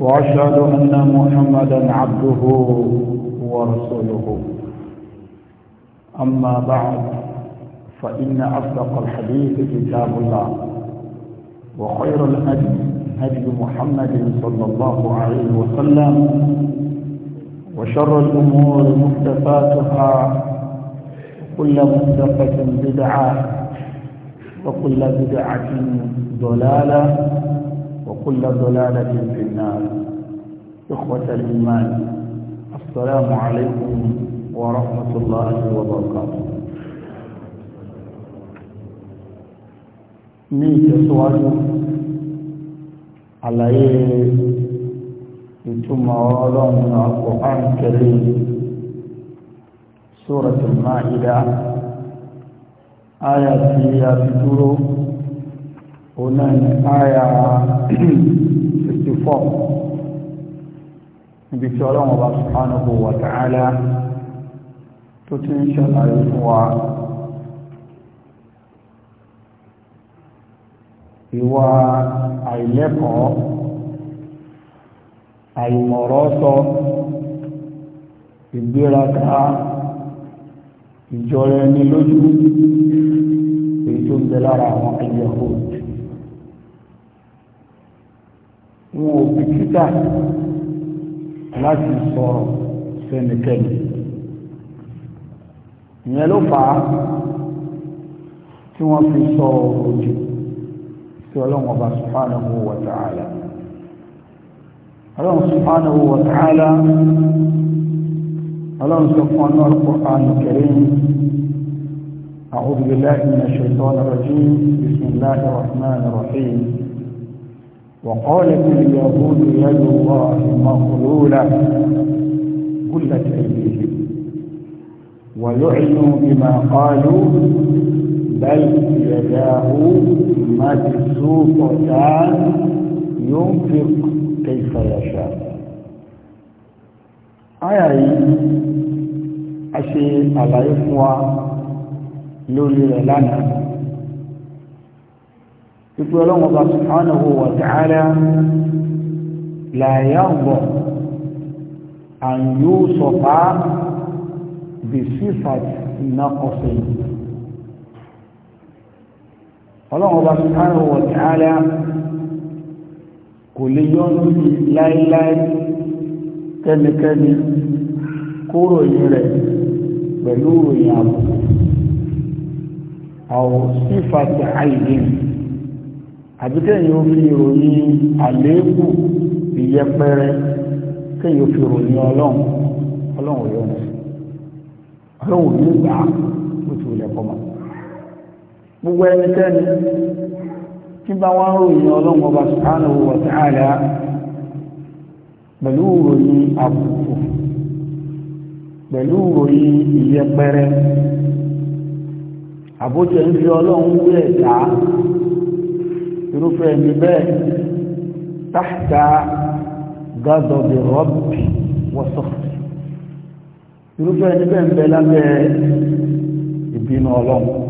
وأشهد أن محمدا عبده ورسوله أما بعد فإن أصدق الحديث كتاب الله وخير الهدي هدي محمد صلى الله عليه وسلم وشر الأمور محدثاتها كل محدثة بدعة وكل بدعة ضلالة وكل ضلالة في النار إخوة الإيمان السلام عليكم ورحمة الله وبركاته ní ìtẹ̀síwájú àlàyé ìtumọ̀ ọlọ́run Al-Qur'an Karim Suratul Ma'idah áyà tí a fi dúró òun náà ní 54 níbi tí ọlọ́run ọba subhanahu wa ta'ala tó ti ń ṣàlàyé fún wa ìwà àìlẹ́kọ̀ọ́ àìmọ̀rọ̀ sọ ìgbéraga ìjọra ẹni lójú èyí tó ń bẹ lára àwọn ẹ̀yẹ̀kọ́ wọn ò bìkítà láti sọ̀rọ̀ fẹ́nikẹ́ni ìyẹn ló fà á tí wọ́n fi sọ òjò sí ọlọ́run ọba subhanahu wa ta'ala ọlọ́run subhanahu wa ta'ala ọlọ́run sọ fún ọ̀nà al-Qur'an al-Karim أعوذ بالله من الشيطان الرجيم بسم الله الرحمن الرحيم وقالت اليهود يد الله مغلولة قلت أيديهم ويعنوا بما قالوا بل يداه مبسوطتان ينفق كيف يشاء آية أشي على إخوة لولي لنا pípẹ́ ọlọ́run ọba subhanahu wa ta'ala la yarda an yusafa bi sifati naqsi ọlọ́run ọba subhanahu wa ta'ala kò lè yọ lórí láíláí kẹ́nikẹ́ni kó ròyìn rẹ̀ pẹ̀lú ròyìn àbùkù àwọn sífàtì àìdíyìn àbí kéèyàn ó fi ìròyìn àléébù ìyẹpẹrẹ kéèyàn ó fi ìròyìn ọlọ́run ọlọ́run ò yọ̀nà ọlọ́run ò ní gbà á bó ti wùlẹ̀ kọ́ gbogbo ẹnikẹ́ni tí bá wá ròyìn ọlọ́run ọba subhanahu wa ta'ala pẹ̀lú ìròyìn àbùkù pẹ̀lú ìròyìn ìyẹpẹrẹ àbójẹ́ ń fi ọlọ́run wé ẹ̀dá irúfẹ́ ẹni bẹ́ẹ̀ táàkà gádọ̀dì rọ́bì wọ́sọ̀ irúfẹ́ ẹni bẹ́ẹ̀ ń bẹ lábẹ́ ìbínú ọlọ́run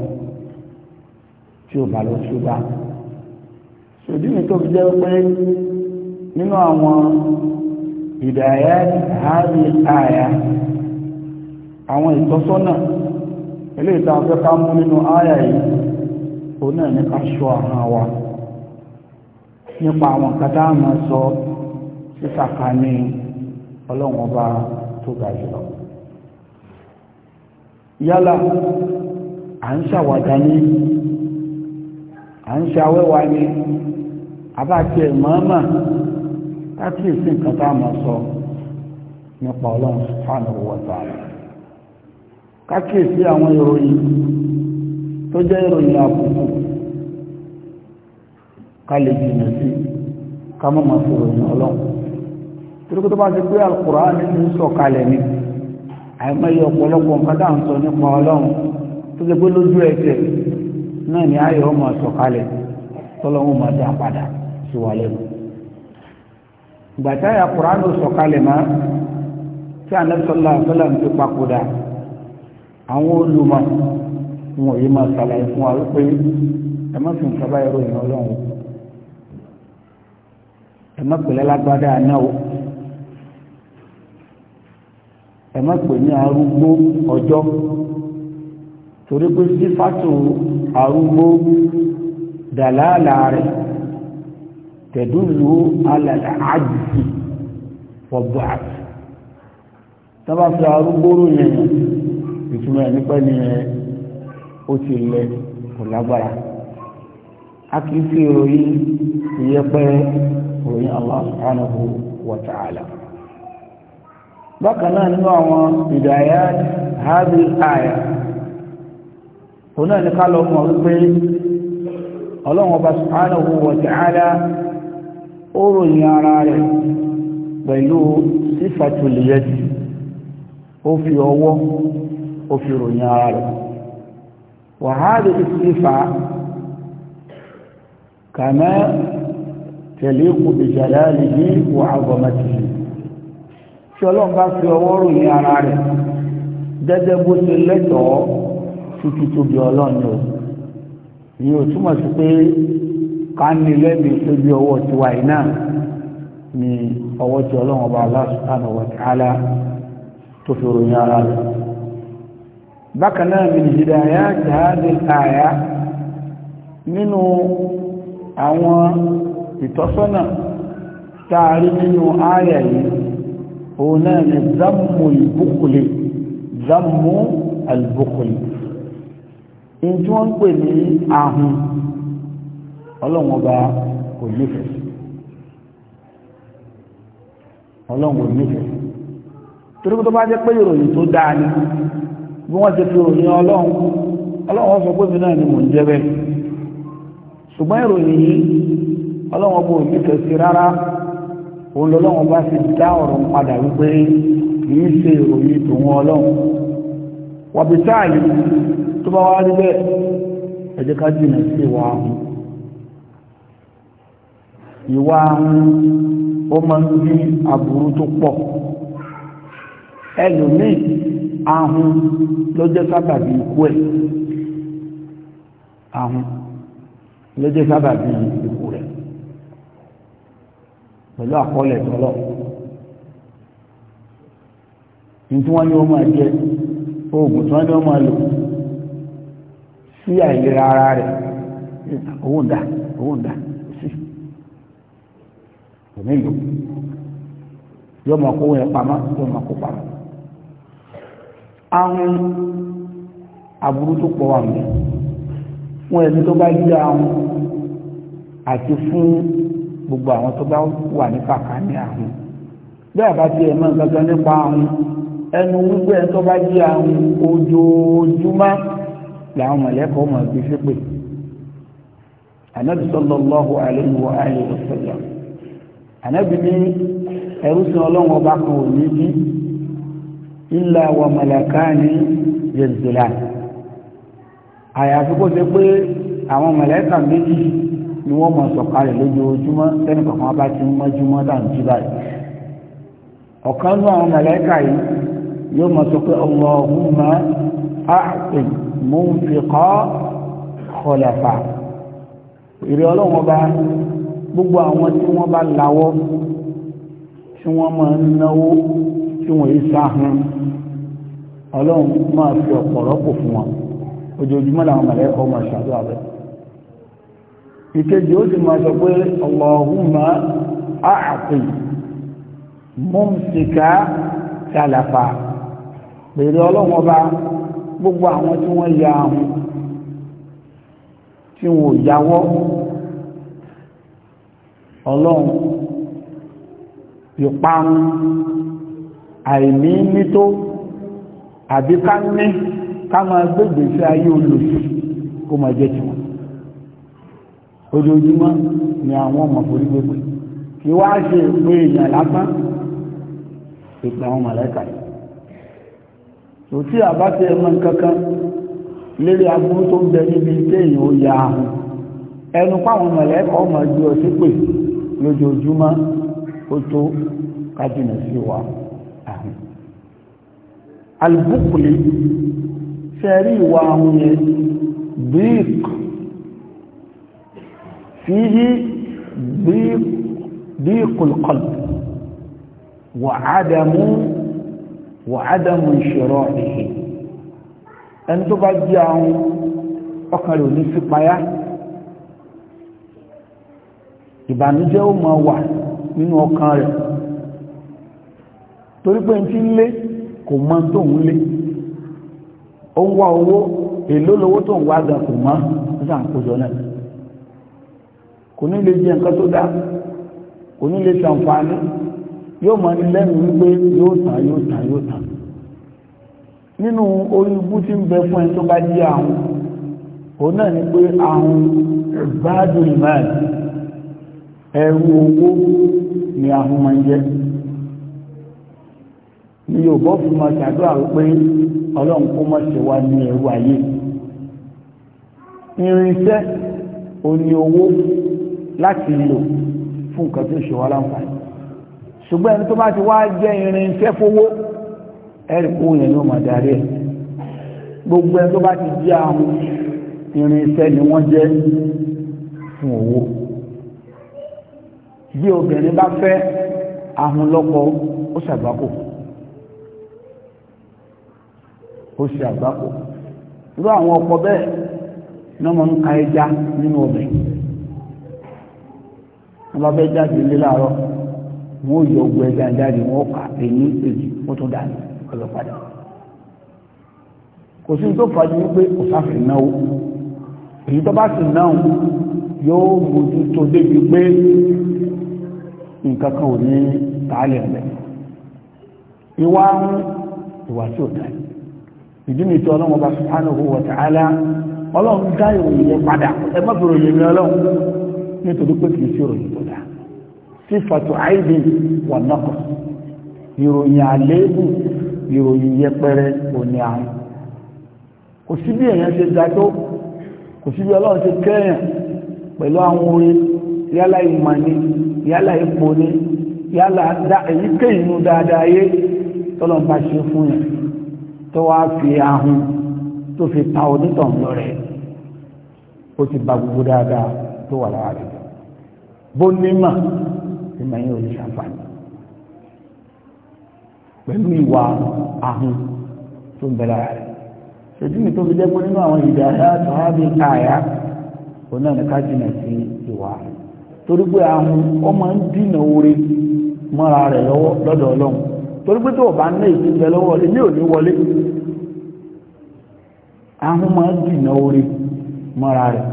tí ó bá lọ ṣúgbà ṣòdí mi tó fi jẹ́ pé nínú àwọn ìdáyà àárí àyà àwọn ìtọ́sọ́nà eléyìí tá a fẹ́ ká mú nínú àyà yìí òun wa. nípa àwọn nǹkan tá a máa sọ sísàkà ní ọlọ́run ọba tó ga jùlọ yálà à ń ṣàwàdà ní à ń ṣàwẹ́wà ní àbájẹ mọ́ọ́mà kákìsí nǹkan tá a máa sọ nípa ọlọ́run subhanahu wa ta'ala kákìsí àwọn ìròyìn tó jẹ́ ìròyìn àbùkù ká lè na sí ká ma máa sọ̀rọ̀ ìyàn ọlọ́run torí tó bá ti pé Al-Kùránì ní ń sọ kalẹ̀ ni àìmọye ọ̀pọ̀lọpọ̀ nǹkan ń sọ nípa ọlọ́run tó ti pé lójú ẹsẹ̀ náà ni ayọ̀ máa sọ kalẹ̀ tọ́lọ́run ya sọ kalẹ̀ máa tí sọ́lá ń àwọn olùmọ̀ ma fún wa wípé ẹ ẹ má pè lálágbádá anáwó ẹ má pè ní arúgbó ọjọ́ torí pé sífàtò arúgbó dàlálà rẹ̀ tẹ̀dúlù alàlà àjì wọ̀bọ̀ àti tọ́bá fi arúgbó ròyìn ìtumọ̀ ẹ̀ nípa ni ó ti lẹ kò lágbára a kì í fi ìròyìn ìyẹpẹrẹ ìròyìn Allah subhanahu wa ta'ala bákan náà nínú àwọn ìdáyà hábí àyà òun náà ní ká lọ mọ̀ wípé ọlọ́run ọba subhanahu wa ta'ala ó ròyìn ara rẹ̀ pẹ̀lú sífàtul ó fi ọwọ́ ó fi ròyìn ara rẹ̀ wàhálì sífà kàmẹ́ تليق بجلاله وعظمته ṣọlọ́n bá fi ọwọ́ ròyìn ara rẹ̀ gẹ́gẹ́ bó ṣe lẹ́tọ̀ọ́ títí tóbi ọlọ́run o ni ò túmọ̀ sí pé ká ní lẹ́bi pé bí ọwọ́ tiwa yìí náà ni ọwọ́ tí ọlọ́run ọba Allah subhanahu wa ta'ala tó fi ròyìn ara rẹ̀ bákan náà min hidayat hadhihi al-aya nínú àwọn ìtọ́sọ́nà taari nínú àyà yìí òun náà ni zammu ìbúkulè zammu àlùbúkulè in tí wọ́n ń pè ní ahun ọlọ́run ọba kò nífẹ̀ẹ́ ọlọ́run kò nífẹ̀ẹ́ torí tó bá jẹ́ pé ìròyìn tó dáa ni bí wọ́n ti fi ìròyìn ọlọ́run ọlọ́run sọ pé mi náà ni mò ń jẹ́ bẹ́ẹ̀ ṣùgbọ́n ìròyìn yìí ọlọ́wọ́n bò nífẹ̀ẹ́ sí rárá òun lọ́lọ́wọ́n bá ti dá ọ̀rọ̀ padà wípé kìí ṣe ìròyìn tòun ọlọ́run wàbí sáàyè tó bá wá rí bẹ́ẹ̀ ẹ jẹ́ ká jìnà sí ìwà ahùn ìwà ahùn ó máa ń bí aburú tó pọ̀ ẹlòmíì ahùn ló jẹ́ sábàbí ikú ẹ̀ ahùn ló jẹ́ sábàbí ikú rẹ̀ pẹ̀lú àkọọ́lẹ̀ tọ́lọ̀ ní tí wọ́n ní ó máa jẹ oògùn tí wọ́n ní ó máa lò sí ara rẹ̀ owó ń dà owó ń dà sí kò nílò yóò máa kó yẹn pamọ́ yóò máa kó ahụ àwọn aburú tó pọ̀ wà mí gbogbo àwọn tó bá wà ní kàkání àrùn bí àbá ti ẹ̀ mọ́ nǹkan kan nípa àrùn ẹnu wípé ẹni tó bá jí àrùn ojoojúmọ́ làwọn mọ̀lẹ́kọ̀ọ́ mọ̀ gbé ṣépè anabi sallallahu alayhi wa alihi wa sallam anabi ní ẹrú sin ọlọ́run ọba kan ò ní bí illa wa malakani yanzilani àyàfi kó ṣe pé àwọn mọ̀lẹ́kà méjì ni wọ́n mọ̀ sọ̀kalẹ̀ lójoojúmọ́ tẹ́nì kankan bá ti ń mọ́júmọ́ dà ń jí báyìí ọ̀kan náà àwọn màláíkà yìí yóò mọ̀ sọ pé Allahumma a'ti munfiqa khalafa ìrẹ́ ọlọ́wọ́n bá gbogbo àwọn tí wọ́n bá lawọ́ tí wọ́n máa ń náwó tí wọ́n yìí sáhun ọlọ́run máa fi ọ̀pọ̀lọpọ̀ fún wọn ojoojúmọ́ làwọn màláíkà máa ṣàdúrà bẹ́ẹ̀ ìkejì ó sì máa sọ pé Allahumma a'ti mumsika talafa pèrè ọlọ́wọ́n bá gbogbo àwọn tí wọ́n ya ahun tí wọ́n yáwọ́ ọlọ́run ìparun àìní nító àbí ká máa gbégbèsí ayé olùsí kó máa jẹ́ tiwọn ojoojúmọ́ ni àwọn ọmọ forí gbogbo kí wá ṣe pé èèyàn lásán ìpè àwọn mọ̀lẹ́kà yìí tó tí àbá ti ẹmọ kankan lérí aburú tó ń bẹ níbi téèyàn ó ya ahùn ẹnu páwọn mọ̀lẹ́kà ọmọ ju ọtí pè lójoojúmọ́ ó tó kájìnà sí wa ahùn alùpùpùlì ṣe rí ìwà ahùn yẹn bíìkù فيه ضيق ضيق القلب وعدم وعدم انشرائه ẹni tó bá jẹ́ àwọn ọkàn rẹ̀ ò ní sí payá ìbànújẹ́ ó máa wà nínú ọkàn rẹ̀ torí pé tí ń lé kò mọ tó ń lé ó ń wá owó èlò lówó tó ń wá gan kò mọ́ nígbà àkójọ náà kò ní lè jẹ nǹkan tó dá kò ní lè ṣàǹfààní yóò máa ní lẹ́nu wípé yóò tà yóò tà yóò tà. nínú orí ibú tí ń bẹ fún ẹni tó bá jẹ àrùn òun náà ni pé àrùn ìbádùn ìmáàlì ẹrù owó ni àrùn máa ń jẹ ni yóò bọ́ fún ma ṣàdúrà wípé ọlọ́run kó má ṣe wá ní ẹrù ayé irinṣẹ́ òní owó láti lò fún nǹkan tó ṣe wá láǹfààní ṣùgbọ́n ẹni tó bá ti wá jẹ́ irin iṣẹ́ fowó ẹ̀rì kó yẹn ló máa darí ẹ̀ gbogbo ẹni tó bá ti jẹ́ àwọn irin iṣẹ́ ni wọ́n jẹ́ fún owó bí obìnrin bá fẹ́ ahun lọ́kọ ó ṣàgbákò ó ṣe àgbákò irú àwọn ọkọ bẹ́ẹ̀ ní wọ́n ń ka ẹja nínú ọbẹ̀ yìí wọ́n bá fẹ́ jáde ilé láàárọ̀ wọ́n yọ ogun wọ́n èjì wọ́n tún ọ̀lọ́ padà kò sí tó fàájú wípé náwó èyí tó bá sì yóò mójú tó débi pé nǹkan kan ò ní tààlẹ̀ ìwà ń ìwà tí ò ìdí mi tí ọlọ́run nítorí pé kìí sí ìròyìn tó dá sífàtò àìdí wà náà ìròyìn àléébù ìròyìn yẹpẹrẹ òní àrùn kò sí bí èèyàn ṣe ga tó kò sí bí ọlọ́run ṣe kẹ́yàn pẹ̀lú àwọn orin yálà ìmọ̀ ni yálà ipò ni yálà èyíkéyìí inú dáadáa yé tọ́lọ̀ bá ṣe fún yẹn tó wá fi ahun tó fi ta onítàn lọ́rẹ̀ ó ti ba gbogbo dáadáa tó wà lára bó nímà ìmọ̀ yẹn ò lè ṣàǹfààní pẹ̀lú ìwà ahun tó bẹ̀rẹ̀ rẹ̀ ṣètí mi tó fi jẹ́ pé nínú àwọn ìdí àyà sàábì àyà òun náà ní ká jìnà sí ìwà torí pé ahun máa ń dínà mọ́ra rẹ̀ lọ́wọ́ lọ́dọ̀ ọlọ́run torí pé tó o bá ń lọ́wọ́ wọlé ahun máa ń dínà mọ́ra rẹ̀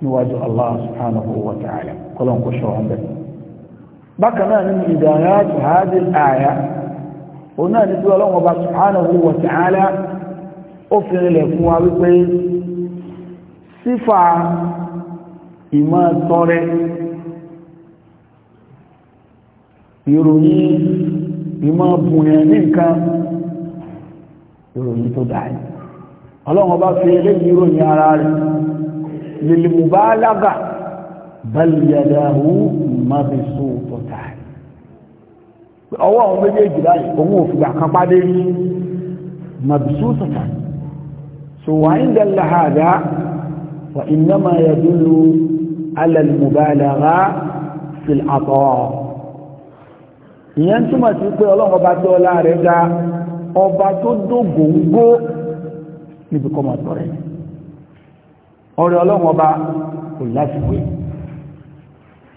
níwájú Allah subhanahu wa ta'ala. kọlọ́n kò ṣọ́ wọn bẹ̀. bákan náà nínú ìdáyà tó hádi àyà òun náà ní bí ọlọ́run ọba subhanahu wa ta'ala ó fi rinlẹ̀ fún wa wípé sífà ìmọ̀ tọrẹ ìròyìn ìmọ̀ bùnyàn ní nǹkan ìròyìn tó dáa ọlọ́run ọba fi eléyìí ìròyìn ara rẹ̀ bal yadahu mabsuutatan ọwọ́ àwọn méjèèjì báyìí òun ò fìgbà kan pàdé rí mabsuutatan so wà ń dẹ̀lẹ̀ hàdá wà innama yadullu ala al-mubalagha fil ata ìyẹn túmọ̀ sí pé ọlọ́run ọba tó ọlá rẹ̀ ga ọba tó dógóńgó níbi kọ́mọ̀tọ́ rẹ̀ ọ̀rẹ́ ọlọ́run ọba kò láfiwé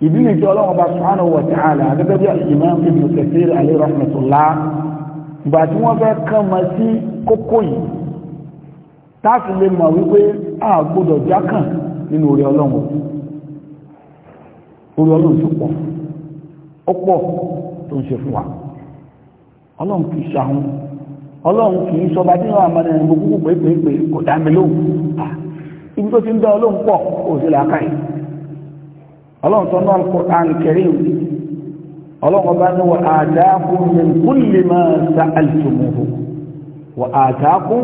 ìdí nìjọ ọlọ́run bá subhanahu wa ta'ala gẹ́gẹ́ bí imam ibn kathir alayhi rahmatullah ìgbà tí wọ́n fẹ́ kàn mọ́ sí kókó yìí táàfì lè mọ̀ wípé a gbọ́dọ̀ jákàn nínú orí ọlọ́run orí ọlọ́run tó pọ̀ ó pọ̀ tó ń ṣe fún wa ọlọ́run kì í ṣàhún ọlọ́run kì í ọlọ́run tó náà Al-Qur'an Karim ọlọ́run bá ní wa ataakum min kulli ma sa'altumuhu wa ataakum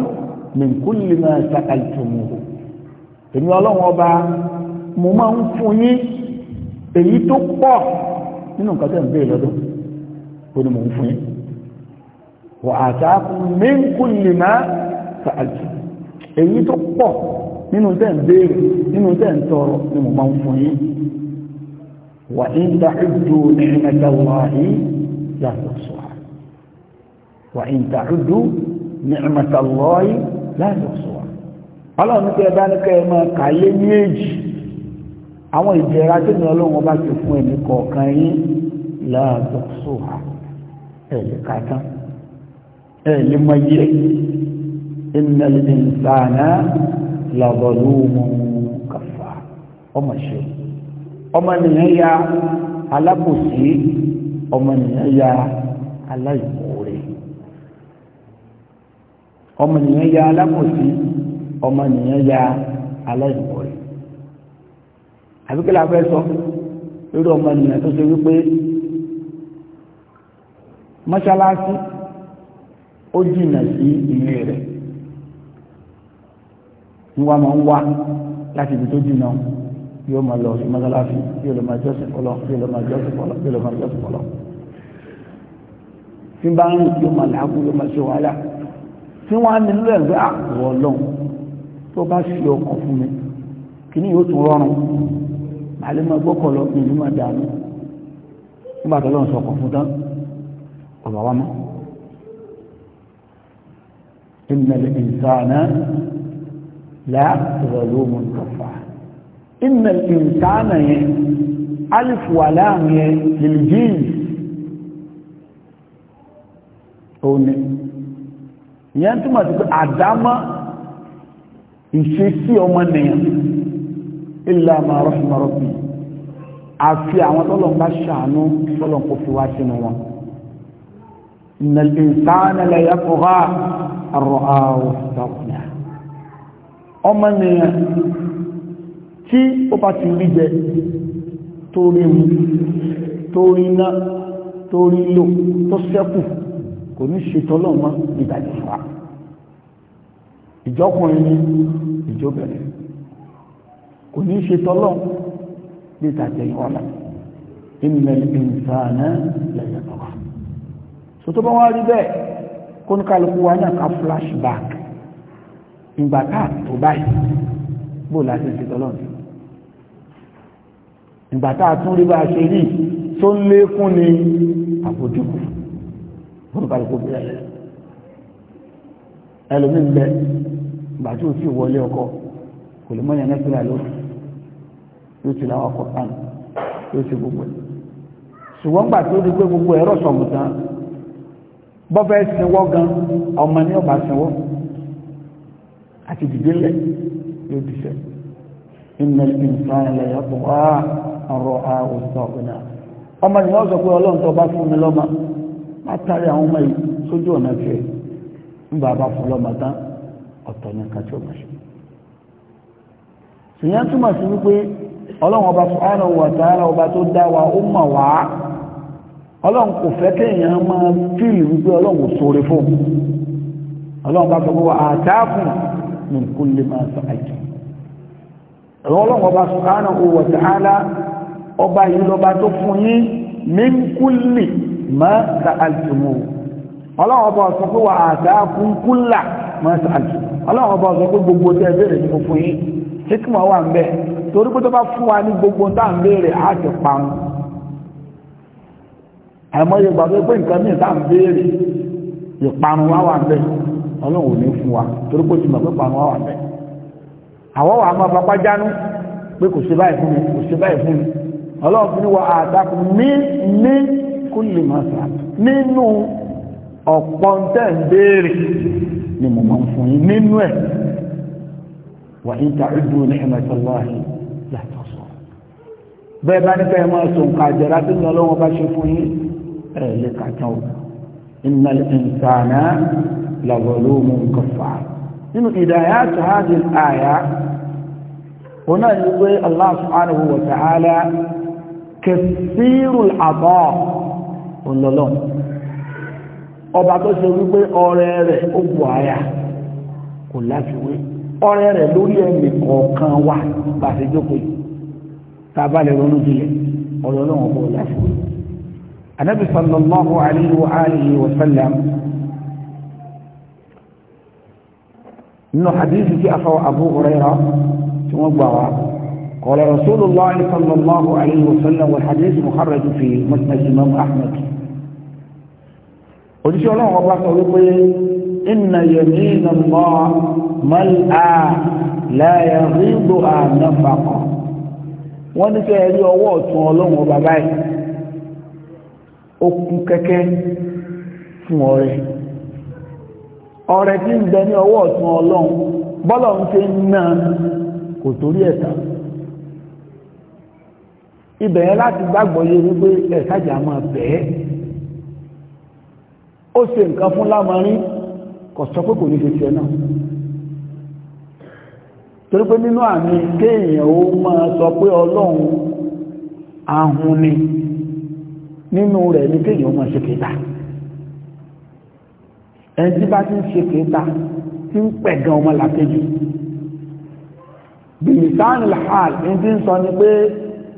min kulli ma sa'altumuhu èmi ọlọ́run ọba mo máa ń fún yín èyí tó pọ̀ nínú nǹkan tẹ̀ ń béèrè lọ́dún ó ní mo ń fún yín wa ataakum min kulli ma sa'altumuhu èyí tó pọ̀ nínú tẹ̀ ń béèrè nínú tẹ̀ ń tọrọ ni mo máa ń fún yín wà ní tàcúdù nìmẹ́tà wáhí látọ̀sọ̀ wà ní tàcúdù nìmẹ́tà lọ́ọ̀yì látọ̀sọ̀ ọlọ́run tẹ bá ní kẹ́ ẹ máa kàyé ní èjì àwọn ìjẹra tí ní ọlọ́run ọba ti fún ẹ̀mí kọ̀ọ̀kan yín látọ̀sọ̀ ẹ̀ lè ka tán ẹ̀ lè mọ yẹ innal insana la zalumun kafa ọmọ ṣe ọmọnìyàn ya alákòsí ọmọnìyàn ya aláìmoore ọmọnìyàn ya alákòsí ọmọnìyàn ya aláìmoore àbíkẹ́lẹ́ abẹ́ sọ lórí ọmọnìyàn tó ṣe wípé mọ́ṣáláṣí ó jìnnà sí ilé rẹ̀ ń wá máa ń wá láti ibi tó jìnnà yóò máa lọ sí mọ́sálásí yóò lọ máa jọ́sìn fọlọ́ yóò lọ máa jọ́sìn fọlọ́ yóò lọ máa jọ́sìn fọlọ́ tí bá ń rìn yóò máa làákú yóò máa ṣe wàhálà tí wọ́n á ní nílẹ̀ pé àwọ̀ ah, ọlọ́run tó bá ṣe ọkàn fún mi kí ni yóò tún rọrùn màálẹ́ máa gbọ́kọ̀ lọ mi ní máa dànù nígbà tó lọ́run sọkàn fún tán ọ̀rọ̀ wa mọ́ ìmọ̀lẹ̀ ìsànà láàrọ̀ inna insana yẹn alif wà láàrin yẹn lìlìjìn òní ìyẹn túmọ̀ sí pé àdámọ́ ìṣesí ọmọ nìyẹn illa ma rahma rabbi àfi àwọn tọ́lọ̀ ń bá ṣàánú tọ́lọ̀ kò fi wá sínú wọn innal insana la yatgha àrọ̀ àwọ̀ ìtàkùnà ọmọ nìyẹn tí ó bá ti rí jẹ torí mú torí iná torí lò tó sẹ́kù kò ní ṣetọ́lọ́ mọ́ ìdájọ́ fà ìjọkùnrin ní ìjọbẹ̀rẹ̀ kò ní ṣetọ́lọ́ bí ìtàjẹ̀yìn ọ̀la ìmẹ̀lẹ̀ ìfààná lẹ́yìn ọ̀la so tó bá wá rí bẹ́ẹ̀ kó ní kálukú wa náà ká flashback ìgbà káà tó báyìí bó láti ṣetọ́lọ́ ní ìgbà tá a tún rí bá a ṣe rí tó ń lékún ní àbójúkù olùkàlùkù bí ẹlẹ ẹlòmíín bẹ ìgbà tí o sì wọlé ọkọ kò lè mọyàn nẹfìlà lórí yóò ti láwọn ọkọ tán yóò ti gbogbo ẹ ṣùgbọ́n gbà tó di pé gbogbo ẹ̀rọ sọ̀mùtán bọ́fẹ́ sinwọ́ gan ọmọ ní ọba sinwọ́ àti dìde lẹ̀ yóò dìṣẹ́ ìnẹ̀lẹ̀ ìfàn ẹ̀yà tó wá. àrọ̀ àwòsàn ọ̀gbìnà ọmọ ni wọ́n pé ọlọ́run tó bá fún mi lọ́mọ má tàrí àwọn ọmọ yìí ọ̀nà tiẹ̀ ń bá bá fún lọ́mọ tán ọ̀tọ̀ ní nǹkan tí ṣe ṣìyẹn túmọ̀ sí wípé ọlọ́run ọba fún ọlọ́run ọba ọba yìí lọba tó fún yín min kulli ma sa'altumu ọlọ́run ọba sọ pé wà ataakum kulla ma sa'altumu ọlọ́run ọba sọ pé gbogbo tẹ́ bẹ̀rẹ̀ ní fún yín hikima wà ń bẹ torí pé tó bá fún wa ní gbogbo tá ń béèrè á ti parun àìmọye gbàgbé pé nǹkan míì tá ń béèrè ìparun wá wà ń ọlọ́run ní fún wa torí pé ó ti wá wà ń bẹ máa fapá jánú pé kò ṣe báyìí fún mi ọlọ́run fún wa àdákù ní ní kúlì mọ́sá nínú ọ̀pọ̀ tẹ́ ń béèrè ni mo máa ń fún yín nínú ẹ̀ wà ní tàbídù ní ẹ̀mẹ́tọ́láhì yàtọ̀ sọ bẹ́ẹ̀ bá nípa ẹ̀mọ́ ẹ̀sùn kàjẹ̀rá tí ní ọlọ́run bá ṣe fún yín ẹ̀ kẹsírùl àbọ̀ ọlọ́lọ́ ọba tó ṣe wípé ọrẹ rẹ̀ ó bù àyà kò láfiwé ọrẹ rẹ̀ lórí ẹ̀mí kọ̀ọ̀kan wà bá ṣe jókòó yìí tá a bá lè ronú jinlẹ̀ ọ̀rọ̀ náà bọ̀ láfiwé anabi sallallahu alayhi wa alihi wa sallam nínú hadithi tí a fọwọ́ abu huraira tí wọ́n gbà wá قال رسول الله صلى الله عليه وسلم والحديث مخرج في مسند الإمام أحمد ojúṣe ọlọ́run ọba sọ wípé iná yẹmí iná mọ́ mọ́lá láyé rígbò ànáfàkọ́ wọ́n ní kẹ́ rí ọwọ́ ọ̀tún ọlọ́run ọba báyìí ó kú kẹ́kẹ́ fún ọrẹ ọrẹ tí ń bẹ ní ọwọ́ ọ̀tún ọlọ́run bọ́lọ̀ ń ṣe ń ná kò torí ẹ̀ta ibẹ̀ yẹn láti gbàgbọ́ yé wípé ẹ̀sájà máa bẹ̀ẹ́ ó ṣe nǹkan fún lámarín kò sọ pé kò ní ṣe tiẹ̀ náà torí pé nínú àmì kéèyàn ó máa sọ pé ọlọ́run ahun ni nínú rẹ̀ ni kéèyàn ó máa ṣe kéta ẹni tí bá ti ń ṣe kéta tí ń pẹ̀gàn ọmọ làkejì bìrìsánì hàl ẹni tí ń sọ ni pé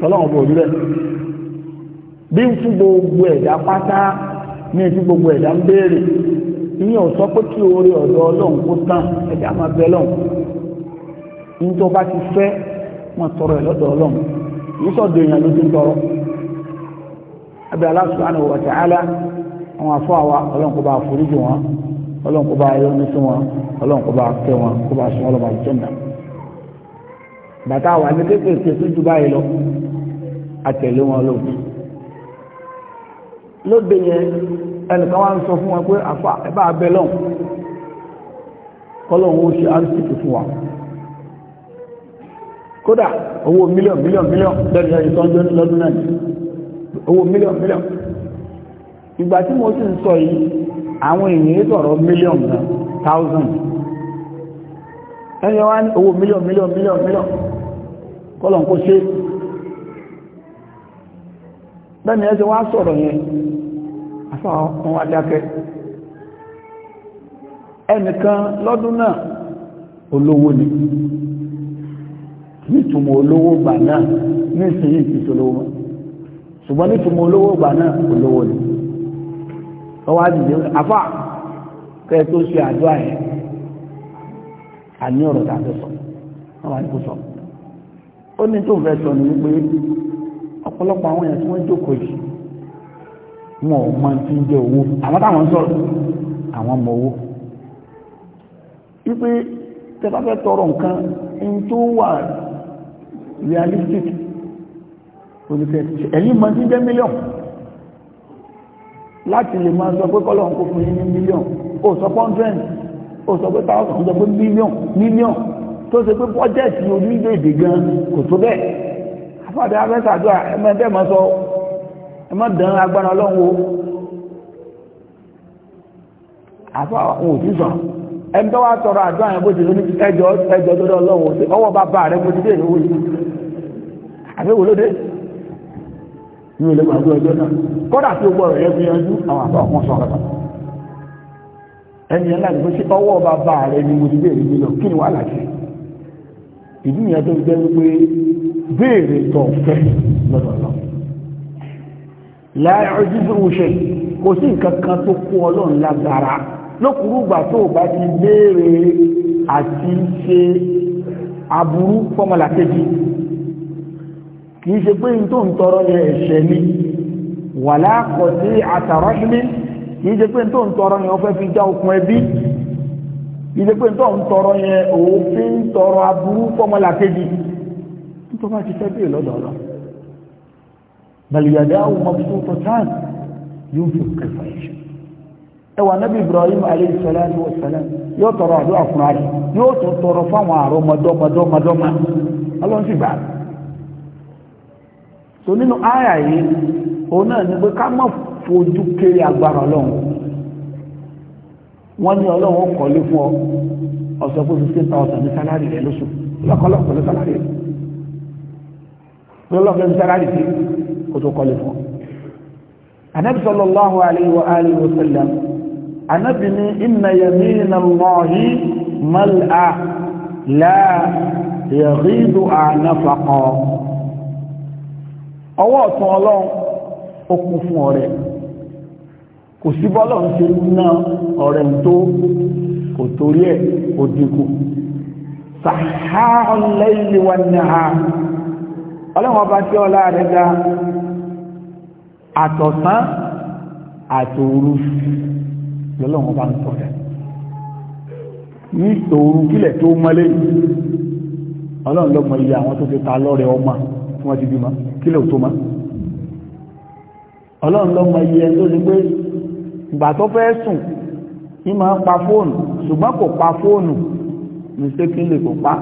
tọ́lọ́wọ́n bò rí bẹ́ẹ̀ bí ń fún gbogbo ẹ̀dá pátá ní ti gbogbo ẹ̀dá ń béèrè ìyẹn ò sọ pé kí oore ọ̀dọ̀ ọlọ́run kó tán ẹ̀dá máa bẹ lọ́hùn nítorí bá ti fẹ́ wọn tọrọ ẹ̀ lọ́dọ̀ ọlọ́run yìí sọ̀dọ̀ èèyàn ló ti ń tọrọ abẹ́ Allah subhanahu wa ta'ala àwọn afọ àwa ọlọ́run kó bá foríjì wọn ọlọ́run kó bá yọ́nú sí wọn ọlọ́run kó bá kẹ́ wọn kó bá sọ ọlọ́run bá jẹ́ nà àtẹ̀lé wọn lóòtù lóde yẹn ẹnìkan wá ń sọ fún wọn pé àfà ẹbá abẹ lọ́hùn kọ́lọ́hùn ó ṣe àrísìkì fún wa kódà owó mílíọ̀n mílíọ̀n mílíọ̀n lẹ́nu ẹ̀yìn tó ń jẹ́ lọ́dún náà owó mílíọ̀n mílíọ̀n ìgbà tí mo sì ń sọ yìí àwọn èèyàn sọ̀rọ̀ mílíọ̀n náà thousand ẹni wá ní owó mílíọ̀n mílíọ̀n mílíọ̀n mílíọ̀n kọ́lọ́hùn kó ṣe é bẹ́ẹ̀ni ẹjọ́ wá sọ̀rọ̀ yẹn afọ́n wá dákẹ́ ẹnìkan lọ́dún náà olówó ni nítumọ̀ olówó gbà náà ní ìsinyìí ìsolówó ṣùgbọ́n nítumọ̀ olówó gbà náà olówó ni ọwá dìde afá kẹ́ tó ṣe àjọ àyẹ̀ àní ọ̀rọ̀ tàbí sọ ní sọ ó ní tó fẹ́ ọ̀pọ̀lọpọ̀ àwọn èèyàn tí wọ́n jókòó yìí wọn ò mọ ti ń jẹ owó àwọn táwọn sọ̀rọ̀ àwọn mọ owó wípé tẹ bá fẹ́ tọrọ nǹkan ẹni tó wà realistic olùfẹ́ ẹ̀yìn mọ ti ń jẹ́ mílíọ̀nù láti lè máa sọ pé kọ́lọ̀ ń kó fún yín ní mílíọ̀nù ó sọ pọ́ńtẹ́ǹtì ó sọ pé táwọn sọ pé mílíọ̀nù mílíọ̀nù tó ṣe pé bọ́jẹ̀tì orílẹ̀-èdè gan kò tó bẹ́ẹ̀ fàdé abẹ́sàdúrà ẹmọ ẹgbẹ́ mọ́ sọ ẹmọ dán agbára ọlọ́run wo àfà òun ò tí sàn ẹni tó wá tọrọ àdúrà yẹn bó ti lóní ẹjọ ẹjọ tó dọ ọlọ́run òsè ọwọ́ bá bá rẹ mo ti dé ìlú yìí àbẹ́wò lóde ní ilé gbàgbé ọjọ́ náà kọ́dà tí ó gbọ́ rẹ̀ fi yanjú àwọn àbá ọkùn sọ̀rọ̀ kan ẹni ẹ̀ láti pé sí ọwọ́ bá bá rẹ ni mo ti dé ìlú yìí lọ kí ni wàhálà sí ìdí ìyá tó jẹ́ wípé béèrè tọ̀ fẹ́ lọ́dọ̀ lọ láì ọjọ́ ìṣe kò sí nǹkan kan tó kó ọlọ́run lágbára lókùrúgbà tó bá ti béèrè àti ṣe aburú fọ́mọlà kejì kìí ṣe pé tó ń tọrọ yẹ ẹ̀ṣẹ̀ ni wà láàkọ̀ sí àtàrọ́ṣìmí kìí ṣe pé tó ń tọrọ yẹ ọ fẹ́ fi já okùn ẹbí ìdẹ́gbẹ́ tó ń tọrọ yẹn òfin ń tọrọ aburú fọmọlàkejì tó bá ti fẹ́ bèèrè lọ́dọ̀ ọ̀rọ̀ àwọn ọmọbìnrin tó tán yóò fi ẹwà nábì Ibrahim yóò tọrọ àdúrà fúnra rẹ̀ yóò tọrọ fáwọn àrọ mọdọmọdọmọdọmọ Ọlọ́run gbà á nínú àyà yìí òun náà pé ká má wọ́n ní ọlọ́run kọ̀lé fún ọ ọ̀sọ̀ pé fifteen thousand ní sálárì rẹ̀ lóṣù lọ́kọ̀lọ́kọ̀ ló sálárì rẹ̀ lọ́lọ́kọ̀ ló sálárì rẹ̀ kò tó kọ̀lé fún ọ. anabi sallallahu alayhi wa alihi wa sallam anabi ni inna kò sí bọ́lọ̀ ń ṣe ná ọ̀rẹ́ ń tó kò torí ẹ̀ kò dínkù sàháhùn lẹ́yìn wa nàá ọlọ́run ọba tí ọlá rẹ̀ ga àtọ̀sán àtòru lọ́lọ́run ọba ń tọ̀ rẹ̀ ní tòru kílẹ̀ tó mọ́lé ọlọ́run lọ́mọ iye àwọn tó ti ta lọ́rẹ̀ ọmọ tí wọ́n ti bímọ kílẹ̀ tó mọ́ ọlọ́run lọ́mọ iye tó ti gbé ìgbà tó fẹ́ sùn ní máa pa fóònù ṣùgbọ́n kò pa fóònù mistakenly kò pa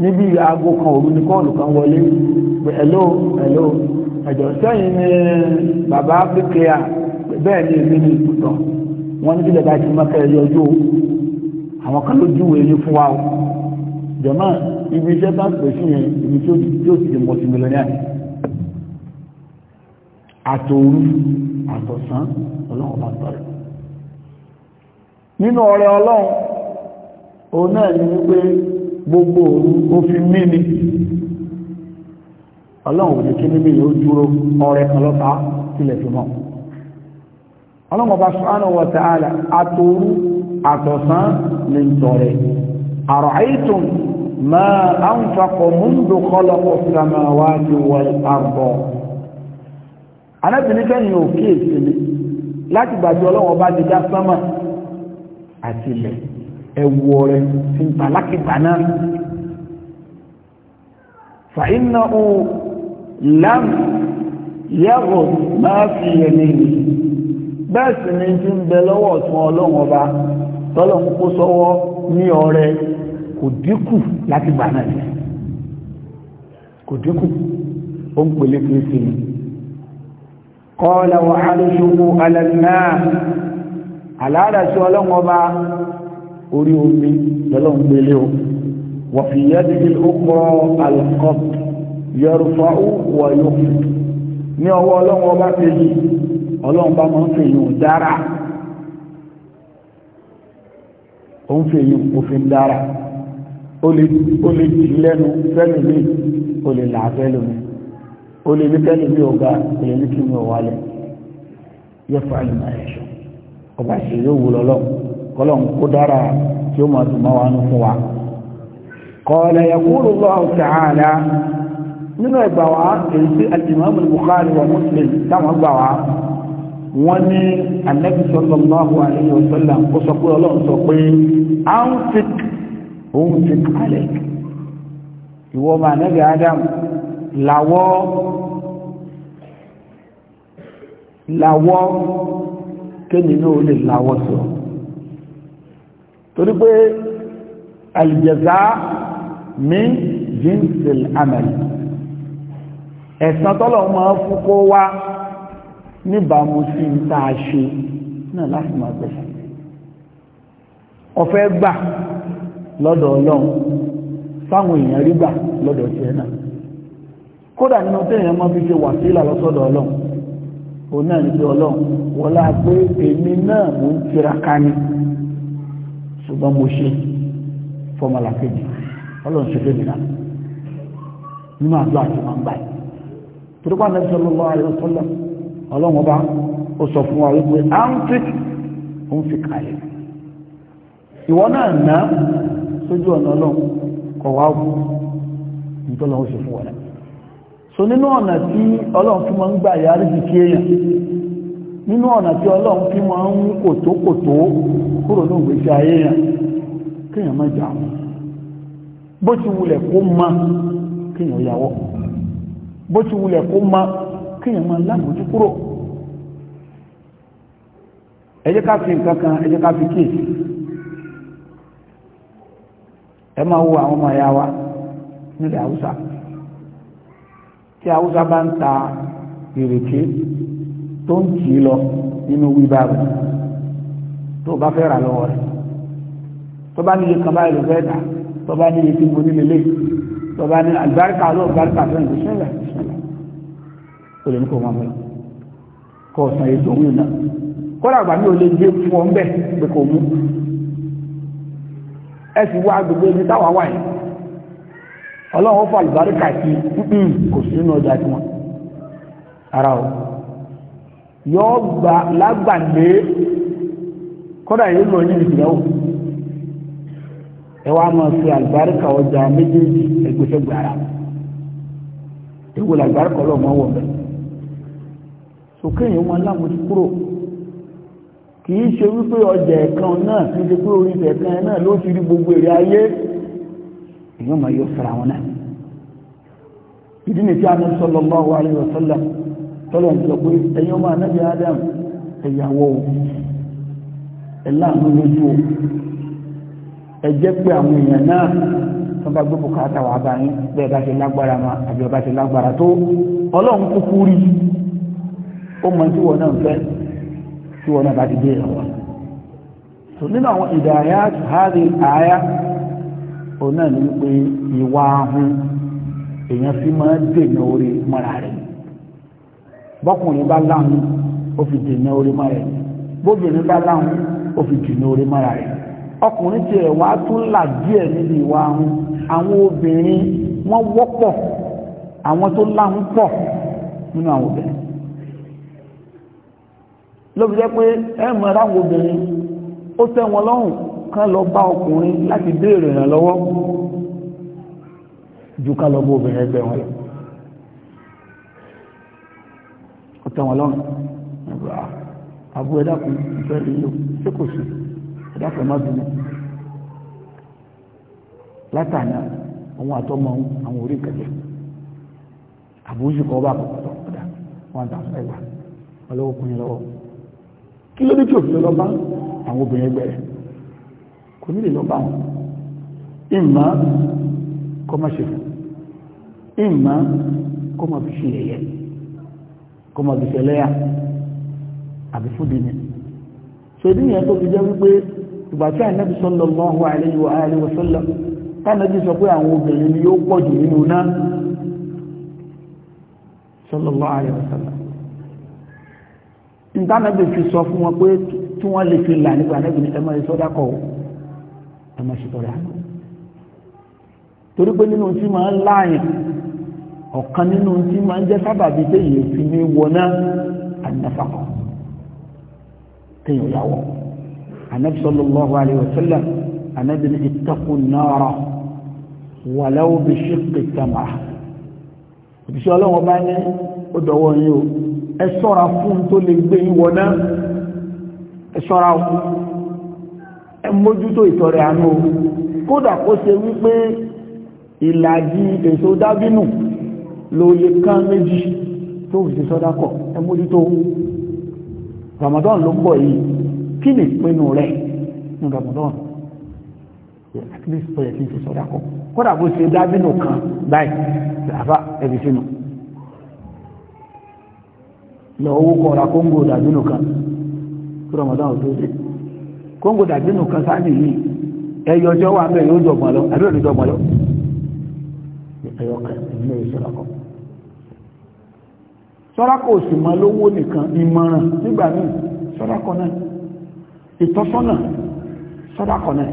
níbi aago kan òru ní kọ́ọ̀lù kan wọlé hello hello ẹ̀jọ̀ sẹ́yìn ni eh, bàbá pípẹ́à bẹ́ẹ̀ ni èmi ní ìtùtọ̀ wọ́n ní kílẹ̀ bá ti mọ́kẹ́ yọjú àwọn kan ló júwe ní fún wa o jọ̀mọ́ ibi iṣẹ́ bá pèsè yẹn ibi tí ó ti mọ̀ sí mílíọ̀nù àtòrú àtọ̀sán ọlọ́run bá tọ́rẹ̀ nínú ọlọ́run o náà ni wípé gbogbo òru fi mí ni ọlọ́run òun kí níbi yóò dúró ọrẹ kan lọ́ta sílẹ̀ fi mọ́ ọlọ́run bá subhanahu wa ta'ala àtòrú àtọ̀sán ní tọ́rẹ̀ ma anfaqa arábìnrin fẹ́yìn ò kí èsì mi láti gbàgbé ọlọ́wọ́n bá ti dá sánmà àti ilẹ̀ ẹ̀wọ̀ rẹ̀ ti ń ta lákìgbà náà fàínà ò lám yàgò máa fi ẹni rè bẹ́ẹ̀ sì ni ti ń bẹ lọ́wọ́ ọ̀tún ọlọ́wọ́n bá tọ́lọ́hún kó sọ́wọ́ ní ọrẹ kò dínkù láti gbà náà kò dínkù ó ń pèlé pèsè ni kọ́ọ̀lá wà alóṣogbo alẹ́mìnà aláàdàṣí ọlọ́mọba orí omi lọ́lọ́mgbélé o wà fi yẹ́dìdì ókọ́ alkọ́p yọrùfà wà yóò ní ọwọ́ ọlọ́mọba kejì ọlọ́mọba máa ń fèyàn dára ó ń fèyàn òfin dára ó lè dì lẹ́nu fẹ́lùmí ó lè làá fẹ́lùmí ó lè ní tẹ́lẹ̀ bí ọ̀gá kò lè ní kí mi ò wálẹ̀ yẹ fàáyì máa yẹ sọ ọba ṣe yóò wù lọ́lọ́ kọ́lọ̀ ń kó dára tí ó máa tún máa wà nù fún wa. kọ́lẹ̀ yẹ kúrò lọ́wọ́ tààlà nínú ẹgbà wa èyí tí alimami Bukhari wa Muslim táwọn gbà wá wọ́n ní anabi sallallahu alayhi wa sallam ó sọ pé ọlọ́run sọ pé anfik òun fi kalẹ̀ ìwọ ọmọ anabi Adam làwọ́ làwọ́ kéèyàn náà ó lè làwọ́ sọ torí pé alìjẹ̀zá min jinsil amal ẹ̀san tọ́lọ̀ máa fún kó wá níbàámu sí ń tá a ṣe náà láti máa gbẹ̀sẹ̀ ọ̀fẹ́ gbà lọ́dọ̀ ọlọ́run fáwọn èèyàn rí gbà lọ́dọ̀ tiẹ̀ náà kódà nínú téèyàn mọ́ fi ṣe wàsílà lọ́sọ́dọ̀ ọlọ́run òun náà ní pé ọlọ́run wọlá pé èmi náà mò ń tiraka ni ṣùgbọ́n mo ṣe fọmọlà kejì ọlọ́run ṣe fẹ́ mi náà nínú àdó àti máa ń báyìí torípa náà sallallahu alaihi wasallam ọlọ́run ọba ó sọ fún wa wípé à ń fi ó ń fi kalẹ̀ ìwọ náà ná sójú ọ̀nà ọlọ́run kọ̀ wá wù nítorí ọlọ́run ṣe fún wa náà so nínú ọ̀nà tí ọlọ́run fi ma ń gbà yàrí jù kí èèyàn nínú fi ma ń kòtókòtó kúrò ní ayé yàn kíyàn má jà bó ti wulẹ̀ kó ma kíyàn yàwọ́ bó ti wulẹ̀ kó ma kíyàn má lámójú kúrò ẹ ká fi nǹkan kan ẹ ká fi kíyèsí ẹ máa wo àwọn ọmọ nílẹ̀ haúsá tí haúsá bá ń ta ìrèké tó ń kì í lọ nínú wíwá rẹ̀ tó bá fẹ́ rà lọ́wọ́ rẹ̀ tó bá níye kan báyìí ló fẹ́ dà tó bá níye tí mo nílé lé tó bá ní àlùbáríkà ló àlùbáríkà fẹ́ ìgbésẹ̀ ṣẹlẹ̀ ṣẹlẹ̀ ó lè ní kó máa mẹ́rin kó san ètò òun náà kódà àgbà mi ò lè gbé fún ọ ń bẹ̀ pé kò mú ẹ sì wá gbogbo ibi táwa wà yìí ọlọ́run fà àlùbáríkà sí kò sí nínú ọjà tí wọn ara o yọ gbà lágbàlé kódà yìí lọ ní ìdíyàwó ẹ wá máa fi àlùbáríkà ọjà méjèèjì ẹgbẹ́sẹ̀ gbàrà ewu làlùbáríkà ọlọ́run máa wọ̀ bẹ́ẹ̀ sókè yìí wọn láwọn kúrò kì í ṣe wípé ọjà ẹ̀kan náà kì ṣe pé orí ẹ̀kan náà ló ti rí gbogbo èrè ayé èyàn máa yọ fara wọn náà ìdí nìtí àná sallallahu alaihi wa sallam tọ́lọ̀ ń sọ pé ẹ̀yàn máa nábi Adam ẹ̀yàwó ẹ̀láàánú lójú ẹ jẹ́ pé àwọn èèyàn náà tó bá gbé bùkátà wà bá yín bẹ́ẹ̀ bá ṣe lágbára ma àbí ọba ṣe lágbára tó ọlọ́run kúkú rí ó mọ tí wọn náà fẹ́ tí wọn náà bá ti dé ìrànwọ́ nínú àwọn ìdààyà hàrí àáyá òun náà ní wípé ìwà ahun èèyàn fi máa ń dènà orí mọ́ra rẹ̀ bọ́kùnrin bá láhùn ó fi dènà orí mọ́ra rẹ̀ bóbìnrin bá láhùn ó fi dènà orí mọ́ra rẹ̀ ọkùnrin tiẹ̀ wá tún là díẹ̀ níbi ìwà ahun àwọn obìnrin wọ́n wọ́pọ̀ àwọn tó láhùn pọ̀ nínú àwọn obìnrin lóbi jẹ́ pé ẹ̀ mọ̀ ẹ́ láwọn obìnrin ó tẹ́ wọn lọ́rùn ká lọ bá ọkùnrin láti béèrè ìrànlọ́wọ́ ju ká lọ bó obìnrin ẹgbẹ́ wọn lọ ọ̀tọ̀ wọn lọ́nà àbú ẹ̀dàkùn ìfẹ́ ìlú tí kò sí ẹ̀dàkùn má bínú látàná àwọn àtọ́mọ àwọn orí ìkẹjẹ àbújù kọ́ bá kọ̀kọ̀tọ̀ ọ̀dà wọn tà fún ẹgbà ọlọ́wọ́ kùnrin lọ́wọ́ kí ló dé tí òfin lọ bá àwọn obìnrin ẹgbẹ́ kò nílè lọ bá wọn ìmọ̀ kọ́ má ṣe fún ìmọ̀ ṣe ẹ̀yẹ kọ́ má fi ṣe ẹlẹ́yà àbí fúdi ni ṣèdí yẹn tó fi jẹ́ wípé ìgbà tí ànábi sallallahu alaihi wa sallam tánàbí sọ pé àwọn obìnrin ni yóò wa fi ẹ máa ṣètọrẹ àná torí pé nínú tí máa ń láàyàn ọ̀kan nínú tí máa ń jẹ́ sábàbí téèyàn fi ní wọná ànáfàkọ́ téèyàn yàwọ̀ anabi sallallahu alayhi wa sallam anabi ni ittaqu an-nara walaw bi shiqqi tamra òbíṣẹ́ ọlọ́wọ́ bá ní ó dọ̀wọ́ yín o ẹ ṣọ́ra fún tó lè gbé yín wọná ẹ ṣọ́ra fún ẹ mójútó ìtọrẹ àánú o kódà kó ṣe wípé ìlàjì èso dábínù lóye kán méjì tó fi ṣe sọ́dá kọ̀ ẹ mójútó Ramadan ló ń bọ̀ yìí kí ni ìpinnu rẹ̀ ní Ramadan at least ó yẹ kí n ṣe sọ́dá kọ̀ kódà bó ṣe dábínù kan báyìí àbá ẹbí sínú lọ owó kọ̀ọ̀ra kóńgò dábínù kan tó Ramadan ò tó dé kóńgò dàbínú kan sáàdì yìí ẹyọ ọjọ́ wà bẹ́ẹ̀ yóò jọgbọ̀n lọ àbí òní jọgbọ̀n lọ ẹyọ kan ilé ìṣọ́lọ́kọ̀ òsì mọ́ lówó nìkan ìmọ̀ràn nígbà míì náà ìtọ́sọ́nà náà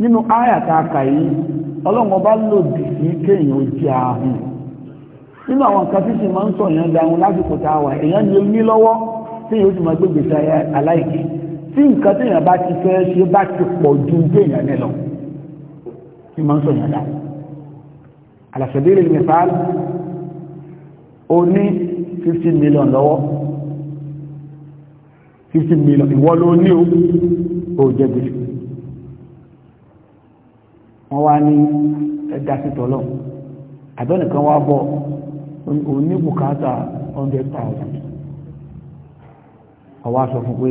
nínú áyàtà àkà yìí lòdì sí kéèyàn nínú àwọn nǹkan tí sì máa ń sọ èèyàn dáhùn lásìkò tá a wà èèyàn ni ní tí èèyàn ó tí nǹkan téèyàn bá ti fẹ́ ṣe bá ti pọ̀ ju téèyàn ní lọ ní máa ń sọ yàrá àlàṣẹ́bẹ̀rẹ̀ nìfàá ó ní 15 million lọ́wọ́ 15 million ìwọ ló ní o ò jẹ́ gbèsè wọ́n wá ní ẹ̀dá sí tọ́lọ̀ àbẹ́nìkan wá bọ̀ òun ní bùkátà 100,000 ọwá sọ fún pé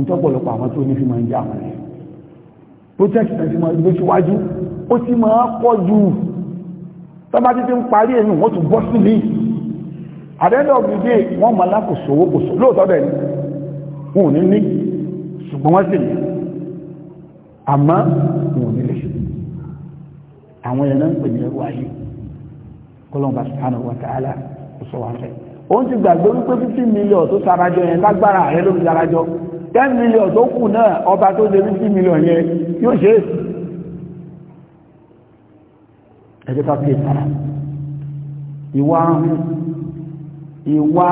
ìtọ́pọ̀lọpọ̀ àwọn tó ní fi máa ń jẹ́ àwọn ẹ̀ project náà fi máa gbé síwájú ó sì máa pọ̀ jù tọ́bá títí ń parí ẹ̀yìn wọ́n tún bọ́ sí ní àdẹ́dọ̀ gbígbé wọ́n mọ̀ lákò sówó kò sówó lóòtọ́ bẹ̀ ní wọn ò ní ní ṣùgbọ́n wọ́n sì ní àmọ́ wọn ò nílé àwọn ẹ̀yẹn náà ń pè ní ẹrù ayé kọlọ́mbà subhanahu wa ta'ala ó sọ wá fẹ́ òun ti gbàgbé wípé 15 million tó sarajọ yẹn lágbára rẹ ló sarajọ ten million tó kù náà ọba tó lè rí sí million yẹn yóò ṣe é ẹjẹ́ ká pè sára ìwà ìwà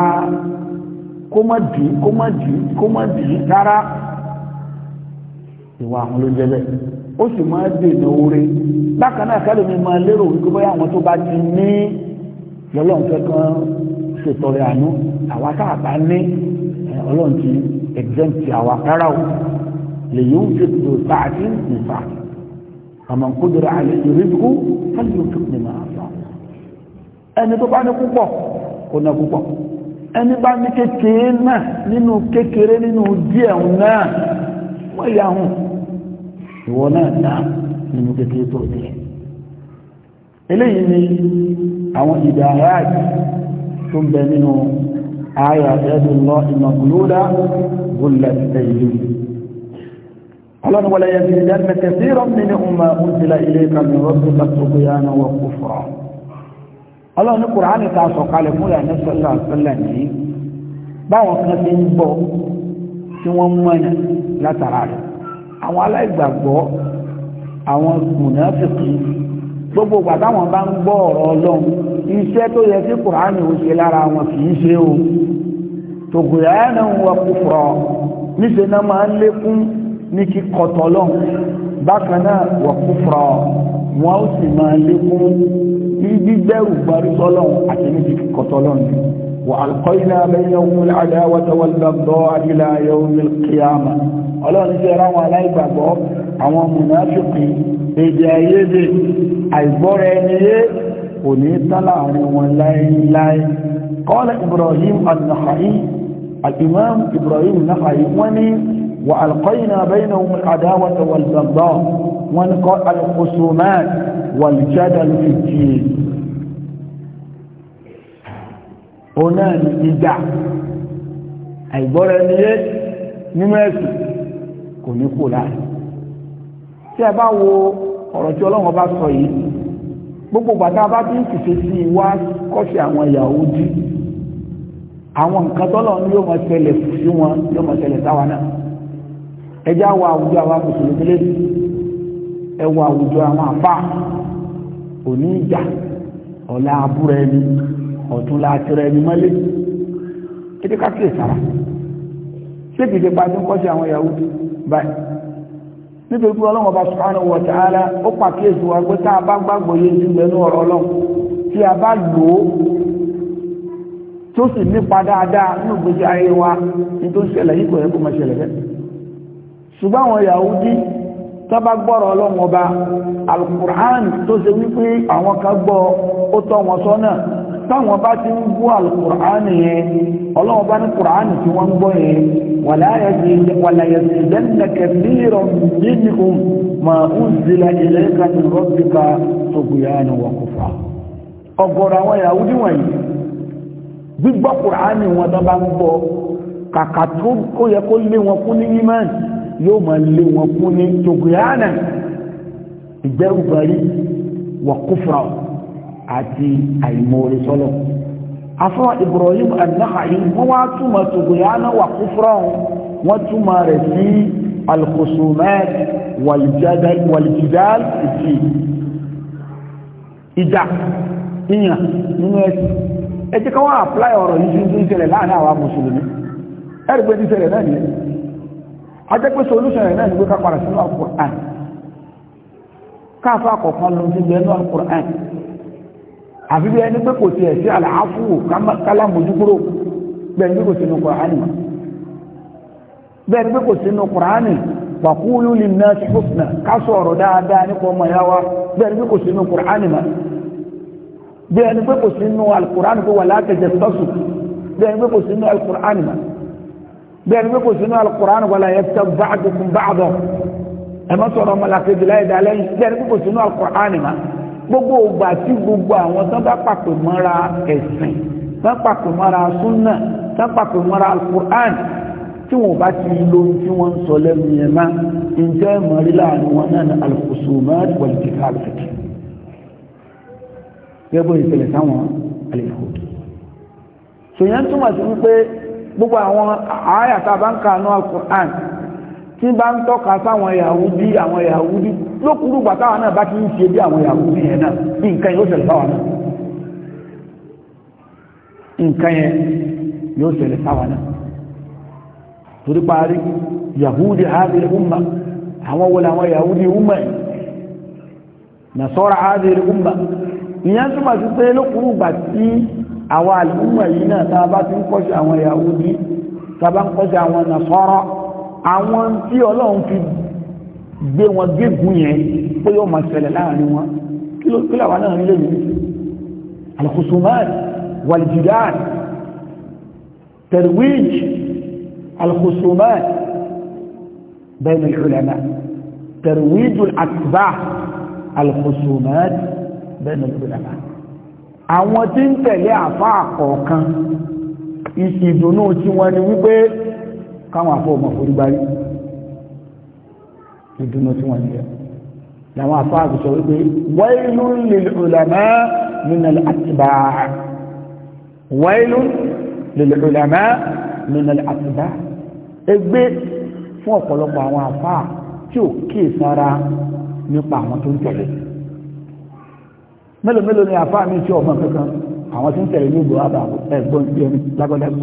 kómọ̀dì kómọ̀dì kómọ̀dì rárá ìwà àwọn ló jẹ́lẹ̀ ó sì máa dènà oore bákan náà kẹ́lẹ̀ mi máa lérò wípé bóyá àwọn tó bá ti ní lọ́lọ́run kẹ́kàn ṣètọrẹ àánú àwa ní ọlọ́run exempt àwa rárá o lè yóò fi tó sáàtì ní sáàtì àmọ́ kúndùrà àlẹ́ ìrìnkú fẹ́lẹ̀ yóò fi ní máa sọ ẹni tó bá ní púpọ̀ kò ná púpọ̀ ẹni bá ní kékeré náà nínú kékeré nínú díẹ̀ náà wọ́n yà hùn ìwọ náà náà nínú kékeré tó díẹ̀ eléyìí ni àwọn ìdàráàjì tó ń bẹ nínú àyà ẹ̀dù lọ ìmọ̀kúlódà gúnlẹ̀ tẹ̀yìn ọlọ́run wọlé yẹn ti dẹ́n mẹ́kẹ́ sí rọ́mí ní ọmọ òǹtìlá ilé kàmí rọ́bí lọ́tọ́kọ̀ yá náà wọ́n kú fọ́ ọlọ́run kùránì ta sọ̀kalẹ̀ fún ìyá nẹ́sọ̀lá sọ́lá yìí báwọn kan ti ń bọ̀ tí wọ́n mọ̀nà látara rẹ̀ àwọn aláìgbàgbọ́ àwọn mùnàfíkì gbogbo ìgbà táwọn bá ń gbọ́ ọ̀rọ̀ ọlọ́run iṣẹ́ tó yẹ kí kùránì ò ṣe lára wọn kì í ṣe o tògùrẹ́ ẹ̀nà ń wọ kúfọ̀ níṣẹ́ náà máa ń lékún ní kíkọ tọ́lọ́run bákan náà wọ kúfọ̀ wọn ó sì máa lékún ní gbígbẹ́rù gbọ́rí tọ́lọ́run àti ní kíkọ tọ́lọ́run wà alqayna baynahum al-adawata wal-baghdha'a ila yawm al-qiyamah ọlọ́run ṣe ra wọn aláìgbàgbọ́ àwọn mùnàfíkì èdè àìyedè àìgbọ́ra ẹni yé kò ní tán láàrin wọn láíláí qala Ibrahim an-Nakhai al-Imam Ibrahim an-Nakhai wọ́n ní وألقينا بينهم العداوة والبغضاء الخصومات والجدل في الدين هناك إدعاء àìgbọ́ra-ẹni-yé nínú ẹ̀sìn kò ọ̀rọ̀ tí ọlọ́run bá sọ yìí gbogbo bàtà bá ti ń fìfẹ́ sí wá kọ́sí àwọn Yahudi àwọn nǹkan tọ́lọ̀ ní yóò máa ṣẹlẹ̀ sí wọn yóò máa ṣẹlẹ̀ sáwa náà ẹjẹ́ àwọ àwùjọ àwa mùsùlùmí lé ẹwọ àwùjọ àwọn àfà òní ìjà ọ̀la abúrò ẹni ọ̀túnla àtìrẹ ẹni mọ́lé kíkẹ́ kákìlẹ̀ sára ṣé kìí ṣe tí ń kọ́sí àwọn Yahudi báyìí nítorí pé ọlọ́run ọba subhanahu wa ta'ala ó pàkíyèsí wa pé tá a bá gbàgbọ́ yé ju ẹnu ọ̀rọ̀ ọlọ́run tí a bá lò ó tó sì nípa dáadáa ní ògbésí ayé wa ní tó ń ṣẹlẹ̀ yìí kò yẹ kó máa ṣẹlẹ̀ bẹ́ẹ̀ ṣùgbọ́n àwọn Yahudi tó bá gbọ́rọ̀ ọlọ́run ọba alukur'an tó ṣe wípé àwọn kan gbọ́ ó tọ́ wọn sọ́nà táwọn bá ti ń gbọ́ alukùránì yẹn ọlọ́wọ́ bá ní kùránì tí wọ́n ń gbọ́ yẹn wàláyẹsì jẹ́nà kẹfìrọ̀ nínú ma ń zila ilẹ̀ kanu rọ́bìka tókùyánu wà kúfà ọ̀gọ̀rọ̀ àwọn ìyàwó níwọ̀nyí gbígbọ́ kùránì wọn tó bá ń gbọ́ kàkà tó kó yẹ kó lé wọn kún ní imán yóò máa lé wọn kún ní tókùyánu ìgbẹ́rùbárí wà kúfà àti àìmọ̀ọ́rẹ́ sọ́lọ̀ afọ́ Ibrahim an-Nakha'i wọ́n wá túmọ̀ tògòyánà wà kúfúrán wọ́n túmọ̀ rẹ̀ sí al-khusumat wal-jidal ìdí ìjà ìyàn nínú ẹ̀sìn ẹjẹ́ ká wọ́n àpláì ọ̀rọ̀ yìí tí ń ṣẹlẹ̀ láàrin àwọn mùsùlùmí ẹ̀rì pé ti ṣẹlẹ̀ náà nìyẹn ajẹ́ pé rẹ̀ náà ni pé ká padà sínú al-Qur'an káfà kọ̀ọ̀kan ti gbẹ̀ẹ́nú al àfi bí ẹni pé kò tiẹ̀ sí àlàáfù kálámójúkúrò bẹ́ẹ̀ ni pé kò sínú kùránì bẹ́ẹ̀ ni pé kò sínú kùránì wàkúlù lè ná sí hùsùnà ká sọ̀rọ̀ dáadáa nípa ọmọ ìyá wa bẹ́ẹ̀ ni pé kò sínú kùránì mà bẹ́ẹ̀ ni pé kò sínú alukùránì pé wà látẹ̀jẹ̀ sọ́sù bẹ́ẹ̀ ni pé kò sínú alukùránì mà bẹ́ẹ̀ ni pé kò sínú alukùránì wà láyé tẹ́ báàdùkùn báàdọ̀ ẹ̀ má sọ̀rọ̀ ọmọ làkejì láyé dálẹ́yìn bẹ́ẹ̀ ni pé kò sínú alukùránì mà gbogbo ògbà tí gbogbo àwọn tán bá pàpè mọ́ra ẹ̀sìn tán pàpè mọ́ra súnà tán pàpè mọ́ra alukur'an tí wọn bá ti lo tí wọn ń sọ lẹ́nu yẹn má ǹjẹ́ mọ̀rí láàrin wọn náà ní alùpùsùmáàdì pọ̀lìtìkà àlùfẹ́kì gẹ́gbọ́ ìṣẹ̀lẹ̀ sáwọn àlèfò ṣòyẹn túmọ̀ sí wípé gbogbo àwọn àáyà tá bá ń kà ní alukur'an tí bá ń tọ́ka sáwọn Yahudi àwọn Yahudi lókùrú gbà táwọn náà bá kí ń ṣe bí àwọn Yahudi yẹn náà ní nǹkan yóò ṣẹlẹ̀ sáwọn náà nǹkan yẹn yóò ṣẹlẹ̀ sáwọn náà torí parí Yahudi haɗe umma àwọn wọlé àwọn Yahudi umma na Nasara haɗe umma n'i túmọ̀ sí pé lókùrú gbà tí àwọn àlùmọ̀ yìí náà tá a bá ti ń àwọn Yahudi tá a àwọn tí ọlọ́run fi gbé wọn gégùn yẹn pé yóò máa ṣẹlẹ̀ láàrin wọn kí ló kílàwà náà nílé yìí alkhusumat waljidal tarwij alkhusumat bayna alulama tarwij alakba alkhusumat bayna alulama àwọn tí ń tẹ̀lé àfáà kọ̀ọ̀kan ìsìdùnú tí wọ́n ni wípé káwọn afọ ọmọ forígbárí ìdùnnú tí wọ́n jẹ́ làwọn afọ àgùsọ wípé wailun lil ulama min al atba wailun lil ulama min al atba ẹgbẹ́ fún ọ̀pọ̀lọpọ̀ àwọn afọ tí ò kí sára nípa àwọn tó ń tẹ̀lé mélòó mélòó ni afọ àmì tí ọmọ kankan àwọn tó ń tẹ̀lé ní ìgbò àbàbò ẹ̀gbọ́n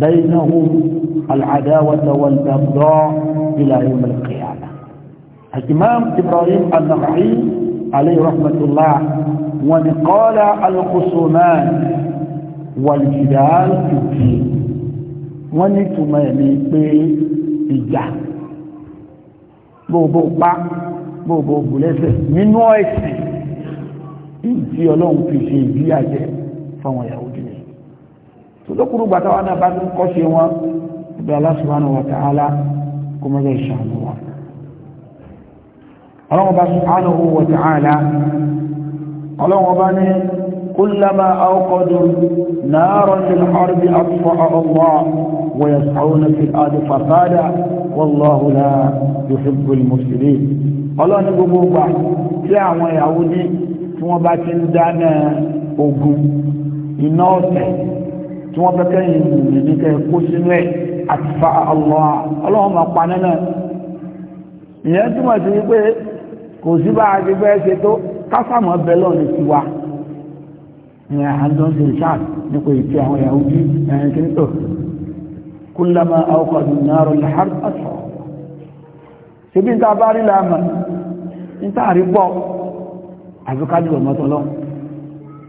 بينهم العداوة والبغضاء إلى يوم القيامة الإمام إبراهيم النقعي عليه رحمة الله ونقال الخصومان والجدال في الدين ونتمامي بالإجاه gbogbo pa gbogbo bùlẹ́sẹ̀ nínú ẹ̀sìn ìdí ọlọ́run fi ṣe ìdí àjẹ fáwọn ìyàwó tòlókùrú gbàtà wọn náà bá ń kọ́ṣe wọn ibi Allah subhanahu wa ta'ala kó mọ́ bẹ́ẹ̀ ṣàánú wọn ọlọ́wọ́n bá subhanahu wa ta'ala ọlọ́wọ́n bá ní كلما أوقدوا نارا للحرب أطفأها الله ويسعون في الأرض فسادا والله لا يحب المفسدين ọlọ́ni gbogbo gbà tí àwọn Yahudi tí wọ́n bá ti ń dáná ogun iná ọ̀tẹ̀ tí wọ́n fẹ́ kẹ́yìn mùmí ní kẹ́ kó sínú ẹ̀ àti fa Allah ọlọ́run máa pa nínú ẹ̀ ìyẹn túmọ̀ sí wípé kò sí bá a ti fẹ́ ṣe tó kásàmọ́ bẹ́ẹ̀ lọ́ọ̀ni tiwa ìyẹn àjọ ṣe ṣáà nípa ìtì àwọn Yahudi ẹ̀yìn kí n tó kullama awqadu an-nar al-harb asfar ṣebí ń ta bá rí láàmà ń tààrí gbọ́ àfikàjù ọ̀mọ́tọ́lọ́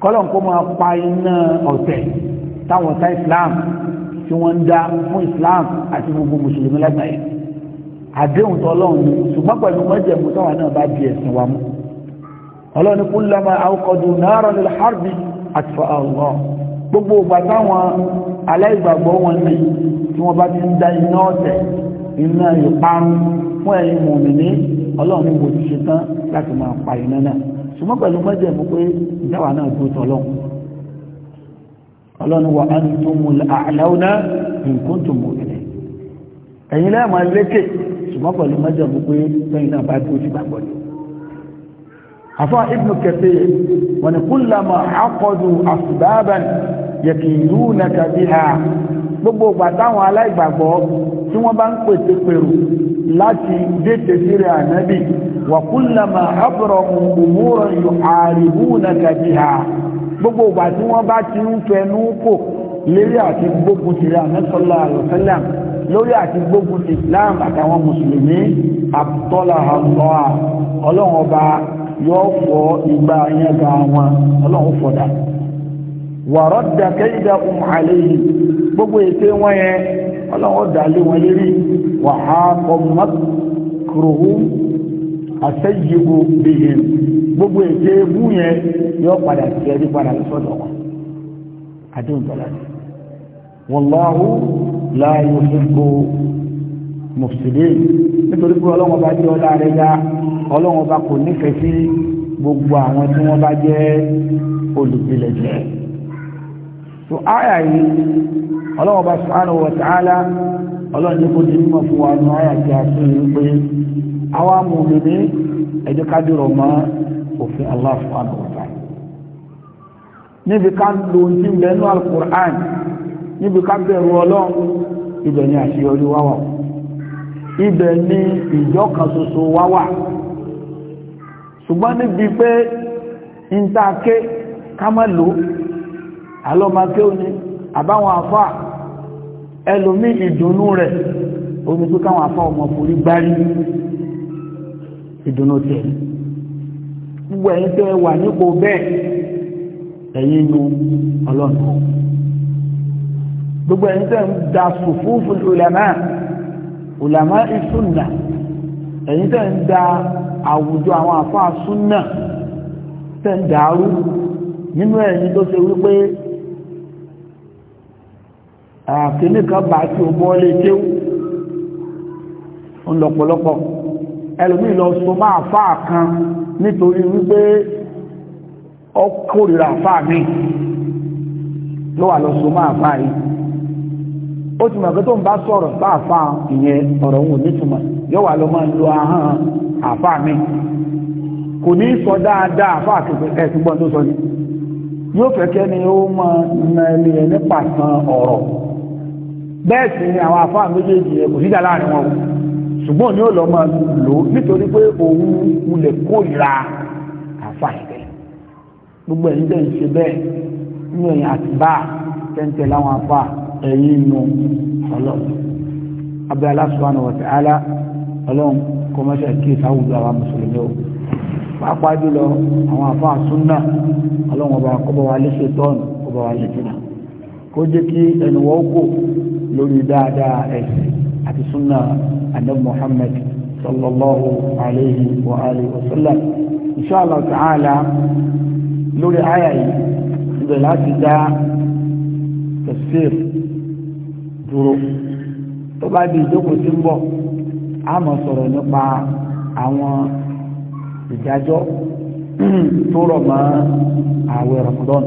kọ́lọ̀ ń kó máa pa iná ọ̀tẹ̀ táwọn ọ̀tá islam tí wọ́n ń dá fún islam àti gbogbo mùsùlùmí lágbàáyé àdéhùn tó ọlọ́run ni ṣùgbọ́n pẹ̀lú mọ́jẹ̀mú táwọn náà bá di ẹ̀sìn wa mú ọlọ́run ní kullama awqadu naran lil harbi atfa'aha Allah gbogbo ìgbà táwọn aláìgbàgbọ́ wọn ni tí wọ́n bá ti ń da iná ọ̀tẹ̀ iná ìparun fún ẹ̀yin mùmìnì ọlọ́run ní mo ti ṣetán láti máa pa iná náà ṣùgbọ́n pẹ̀lú mọ́jẹ̀mú pé ìjáwá náà dúró tọ́lọ́run ọlọ́run wa antumul a'launa in kuntum mu'minin ẹ̀yin lẹ́yìn máa lékè ṣùgbọ́n pẹ̀lú mẹ́jọ mú pé lẹ́yìn náà bá dúró sí gbàgbọ́ ni afa ibnu kathir wa ni kullama aqadu asbaban yakidunaka biha gbogbo tí wọ́n bá ń pèsè pèrò láti déètè síre ànábì wa kullama abramu umuran yu'aribunaka biha gbogbo ìgbà tí wọ́n bá ti ń fẹnu kò lérí àti gbógun ti rẹ̀ àmẹ́sọ́lá àlọ́sẹ́lẹ̀ lórí àti gbógun ti Islam àtàwọn mùsùlùmí àtọ́là àlọ́à ọlọ́run ọba yóò fọ ìgbà yẹn ga wọn ọlọ́run fọ̀dà wàrọ̀ dàkẹ́ ìdá ohun àlẹ́yìn gbogbo ète wọn yẹn ọlọ́run dà lé wọn lérí wàhálà kọ̀ọ̀mọ́kùrùhùn àṣẹyìíbo bèèrè gbogbo èdè ebú yẹn yóò padà sí ẹni padà sọ́dọ̀ wọn àdéhùn tọ́lá ni wọláhu láàyò fífò mùsùlùmí nítorí pé ọlọ́wọ́n bá jẹ́ ọlá rẹ̀ yá ọlọ́wọ́n bá kò nífẹ̀ẹ́ sí gbogbo àwọn tí wọ́n bá jẹ́ olùpilẹ̀ jẹ́ tó áyà yìí ọlọ́wọ́n bá subhanahu wa ta'ala ọlọ́run ní kó ti mímọ̀ fún wa nù áyà tí a sún yìí pé awa mùmìnì ẹ jẹ́ ma òfin Allah subhanahu wa ta'ala níbi ká lo ti bẹnu alukur'an níbi ká ibẹ̀ ni àṣeyọrí wà ibẹ̀ ni ìjọ kan wà ṣùgbọ́n níbi pé ń ké ká má lò alọ́màké òní àbáwọn afọ ẹlòmí ìdùnnú rẹ̀ omi tó káwọn afá ọmọ ìdùnnú tẹ̀ gbogbo ẹ̀yin tẹ́ wà nípò bẹ́ẹ̀ ẹ̀yin nu ọlọ́nu gbogbo ẹ̀yin tẹ́ ń da sùfúfù ulama ulama ìsúnà ẹ̀yin tẹ́ ń da àwùjọ àwọn àfáà súnà tẹ́ ń dàrú nínú ẹ̀yin tó ṣe wípé àkíní kan bá tí o bọ́ lé kéwù ńlọpọlọpọ. ẹlòmí lọ so a fáà kan nítorí wípé ọkùnrìrà fáà mi ló wà lọ so afaa fáà yìí ó ti mọ̀kẹ́ tó ń bá sọ̀rọ̀ fáàfá ìyẹn ọ̀rọ̀ òun nítumọ̀ yóò wà lọ máa lo ahọ́n àfá mi kò ní sọ dáadáa àfá ẹ̀sìn gbọ́n tó sọ ni yóò fẹ́kẹ́ ni ó ma na ilé ẹ̀ nípa san ọ̀rọ̀ bẹ́ẹ̀ àwọn méjèèjì kò láàrin ṣùgbọ́n ní ọ̀lọ́ máa lò nítorí pé òun wulẹ̀ kórìíra àfa ìbẹ̀ gbogbo ẹ̀yin dẹ̀ ń ṣe bẹ́ẹ̀ nínú ẹ̀yin àtibá tẹ́ǹtẹ̀ láwọn afa ẹ̀yin nu ọlọ́run abẹ́ Allah subhanahu wa ta'ala ọlọ́run kọ́mọ́ṣẹ́ kí ìsáwùjọ àwọn mùsùlùmí o pàápàá jùlọ àwọn afa súnà ọlọ́run ọba kọ́bọ̀ wa lè ṣe tọ́ọ̀nù kọ́bọ̀ wa lè jìnà kó jẹ́ kí ẹnu wọ́n kò lórí dáadáa ẹ̀sìn àti súnà ànábì Muhammad sallallahu alayhi wa alihi wa sallam insha Allah ta'ala lórí àyà yìí ibẹ̀ láti dá tafsir dúró tó bá di ìjókòó tí ń bọ̀ a máa sọ̀rọ̀ nípa àwọn ìdájọ́ tó rọ̀ mọ́ àwẹ̀ Ramadan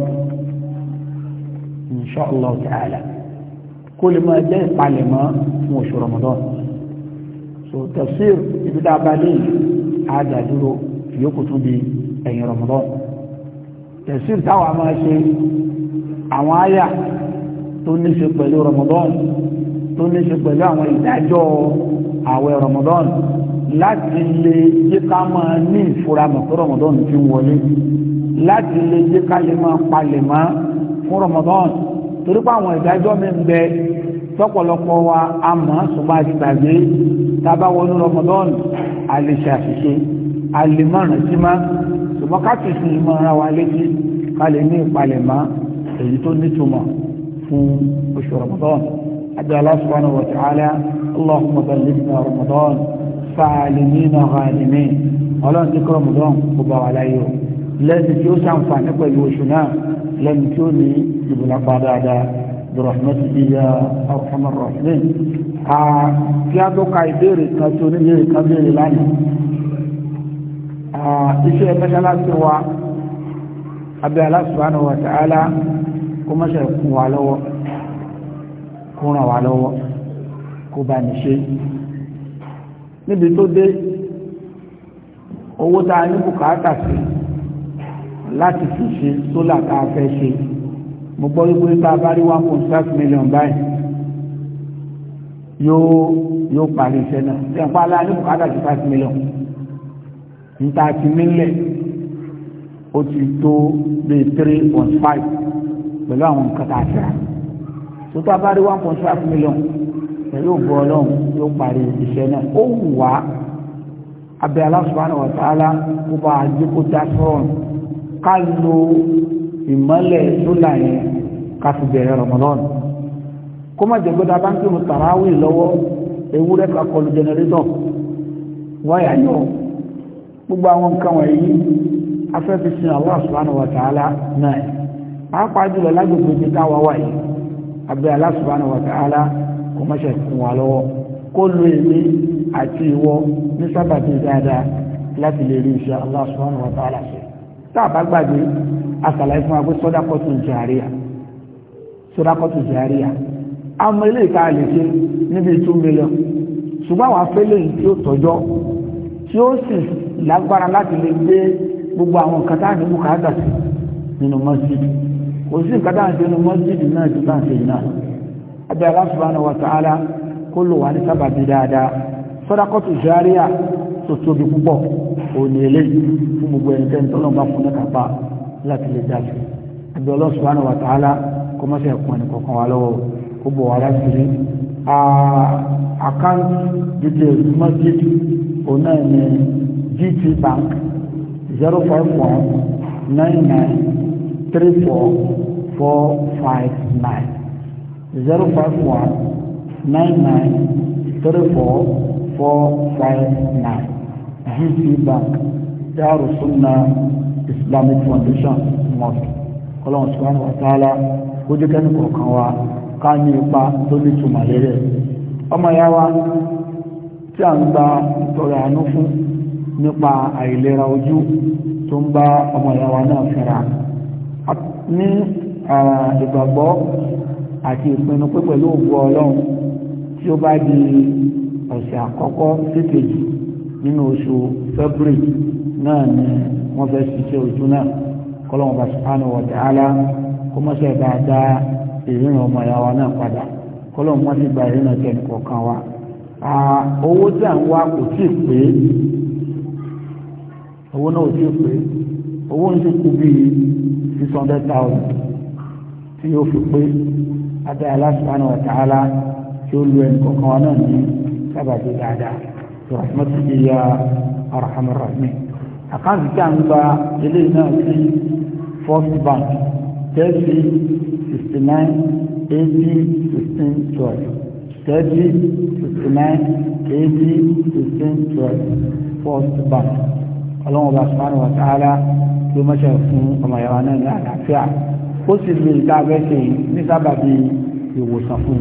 insha Allah ta'ala kó lè máa jẹ́ ìpalẹ̀mọ́ fún oṣù Ramadan so tafsir ibi tá a bá dé àdàdúró yòókù tún di ẹ̀yìn Ramadan tafsir táwọn máa ṣe àwọn àyà tó ní ṣe pẹ̀lú Ramadan tó ní ṣe pẹ̀lú àwọn ìdájọ́ àwẹ̀ Ramadan láti lè jẹ́ ká máa ní ìfura mọ̀ pé Ramadan ti ń wọlé láti lè jẹ́ ká lè máa palẹ̀ mọ́ fún Ramadan torí pé àwọn ìdájọ́ mi ń bẹ tọpọlọpọ wa a mọ̀ ṣùgbọ́n àti gbàgbé tábà wọnú rọmọdọ́ọ̀nù a lè ṣàṣìṣe a lè mọ̀ràn sí má ṣùgbọ́n káàkiri ìmọ̀ ara wa létí ká lè ní ìpalẹ̀mọ́ èyí tó nítumọ̀ fún oṣù rọmọdọ́ọ̀nù àti Allah subhanahu wa ta'ala Allahumma ballighna rọmọdọ́ọ̀nù fàálìmínà ọ̀hánìmí ọlọ́run tí rọmọdọ́ọ̀nù kò bá wà láyé o lẹ́ni برحمتك يا أرحم الراحمين kí a tó ka ìbéèrè kan tó ní ìbéèrè kan béèrè lánàá iṣẹ́ mẹ́sàlásí wa abẹ́ Allah subhanahu wa ta'ala kó mọ́ṣẹ̀ kún wa lọ́wọ́ kó ràn wá lọ́wọ́ kó bá ní owó tá a ní bùkátà sí láti fi ṣe sólà tá a fẹ́ ṣe mo gbọ́ wípé tá a bá rí one point five million báyìí yóò yóò parí iṣẹ́ náà ṣe ń pa alá ní bùkátà sí five million níta ti nílẹ̀ ó ti tó bíi three point five pẹ̀lú àwọn nǹkan tá a ṣe rà tó tá a bá rí one point five million pẹ̀lú ògbó ọlọ́run yóò parí iṣẹ́ náà ó wù wá abẹ́ Allah subhanahu wa ta'ala kó bá a jókòó dá sọ́ọ̀nù ká lo ìmọ́lẹ̀ súnà yẹn ká fi bẹ̀rẹ̀ rọmọdọ́nù kó má jẹ́ gbọ́dọ̀ abáńkì mu tàràwì lọ́wọ́ ewúrẹ́ ká kọlu jẹnẹrétọ̀ wáyà yọ gbogbo àwọn nǹkan wọ̀nyí afẹ́fẹ́ sin Allah subhanahu náà pàápàá jùlọ wa wa láti lè rí sí táàbá gbàgbé àṣàlàyé fún wa pé sọ́dákọ́tù jàríà sọ́dákọ́tù jàríà àmọ́ ilé ìta lè ṣe níbi two million ṣùgbọ́n àwọn afẹ́lẹ́ yìí tí ó tọ́jọ́ tí ó sì gbogbo àwọn nǹkan tá à ní bùkátà sí nínú mọ́sídì kò sí nǹkan tá à ń ṣe nínú mọ́sídì náà tó tá ń ṣe náà abẹ́ kó lò òní eléyìí fún gbogbo ẹnikẹ́ni tọ́lọ́ bá fún nípa pa láti lè dájú ẹgbẹ́ Allah subhanahu wa ta'ala kó má ṣe ẹ̀kún ẹnìkọ̀ọ̀kan wa lọ́wọ́ ó bọ̀ wá láti rí àkáǹtì details masjid òun náà ní GT Bank zero five one nine nine three four four five nine zero five one nine nine three four four five nine. GC Bank Darus Sunnah Islamic Foundation Mosque kọlọ́wọ́n subhanahu wa ta'ala ó jẹ́ kẹ́ni kọ̀ọ̀kan wa ká ní ipa tó ní ìtumọ̀ ọmọ ya wa tí a ń gba ìtọrẹ àánú fún nípa àìlera ojú tó ń bá ọmọ ya wa náà fẹ́ra ní ìgbàgbọ́ àti ìpinnu pé pẹ̀lú ògbó ọlọ́run tí di ọ̀sẹ̀ àkọ́kọ́ sí nínú oṣù February náà ni wọ́n fẹ́ ṣiṣẹ́ ojú náà kọ́lọ́wọ́n bá subhanahu wa ta'ala kó mọ́ṣẹ́ dáadáa ìrìnà ọmọ ìyá wa náà padà kọ́lọ́wọ́n mọ́ṣẹ́ gba ìrìnà tẹ̀lé kọ̀ọ̀kan wa. owó tí à ń wá kò tí ì pé owó náà ò tí ì pé owó ń ti kú bíi six hundred thousand tí yóò fi pé abẹ́ Allah subhanahu wa ta'ala tí ó lu ẹnì kọ̀ọ̀kan wa náà ní sábàbí dáadáa rahmatulahi ya arhamar rahmin àkáǹtì tí a ń gba eléyìí náà sí first bank thirty sixty nine eighty sixteen twelve thirty sixty nine sixteen twelve first bank ọlọ́run ọba subhanahu wa ta'ala ló mọ́ṣẹ́ fún ọmọ ìyàwó náà ní àlàáfíà ó sì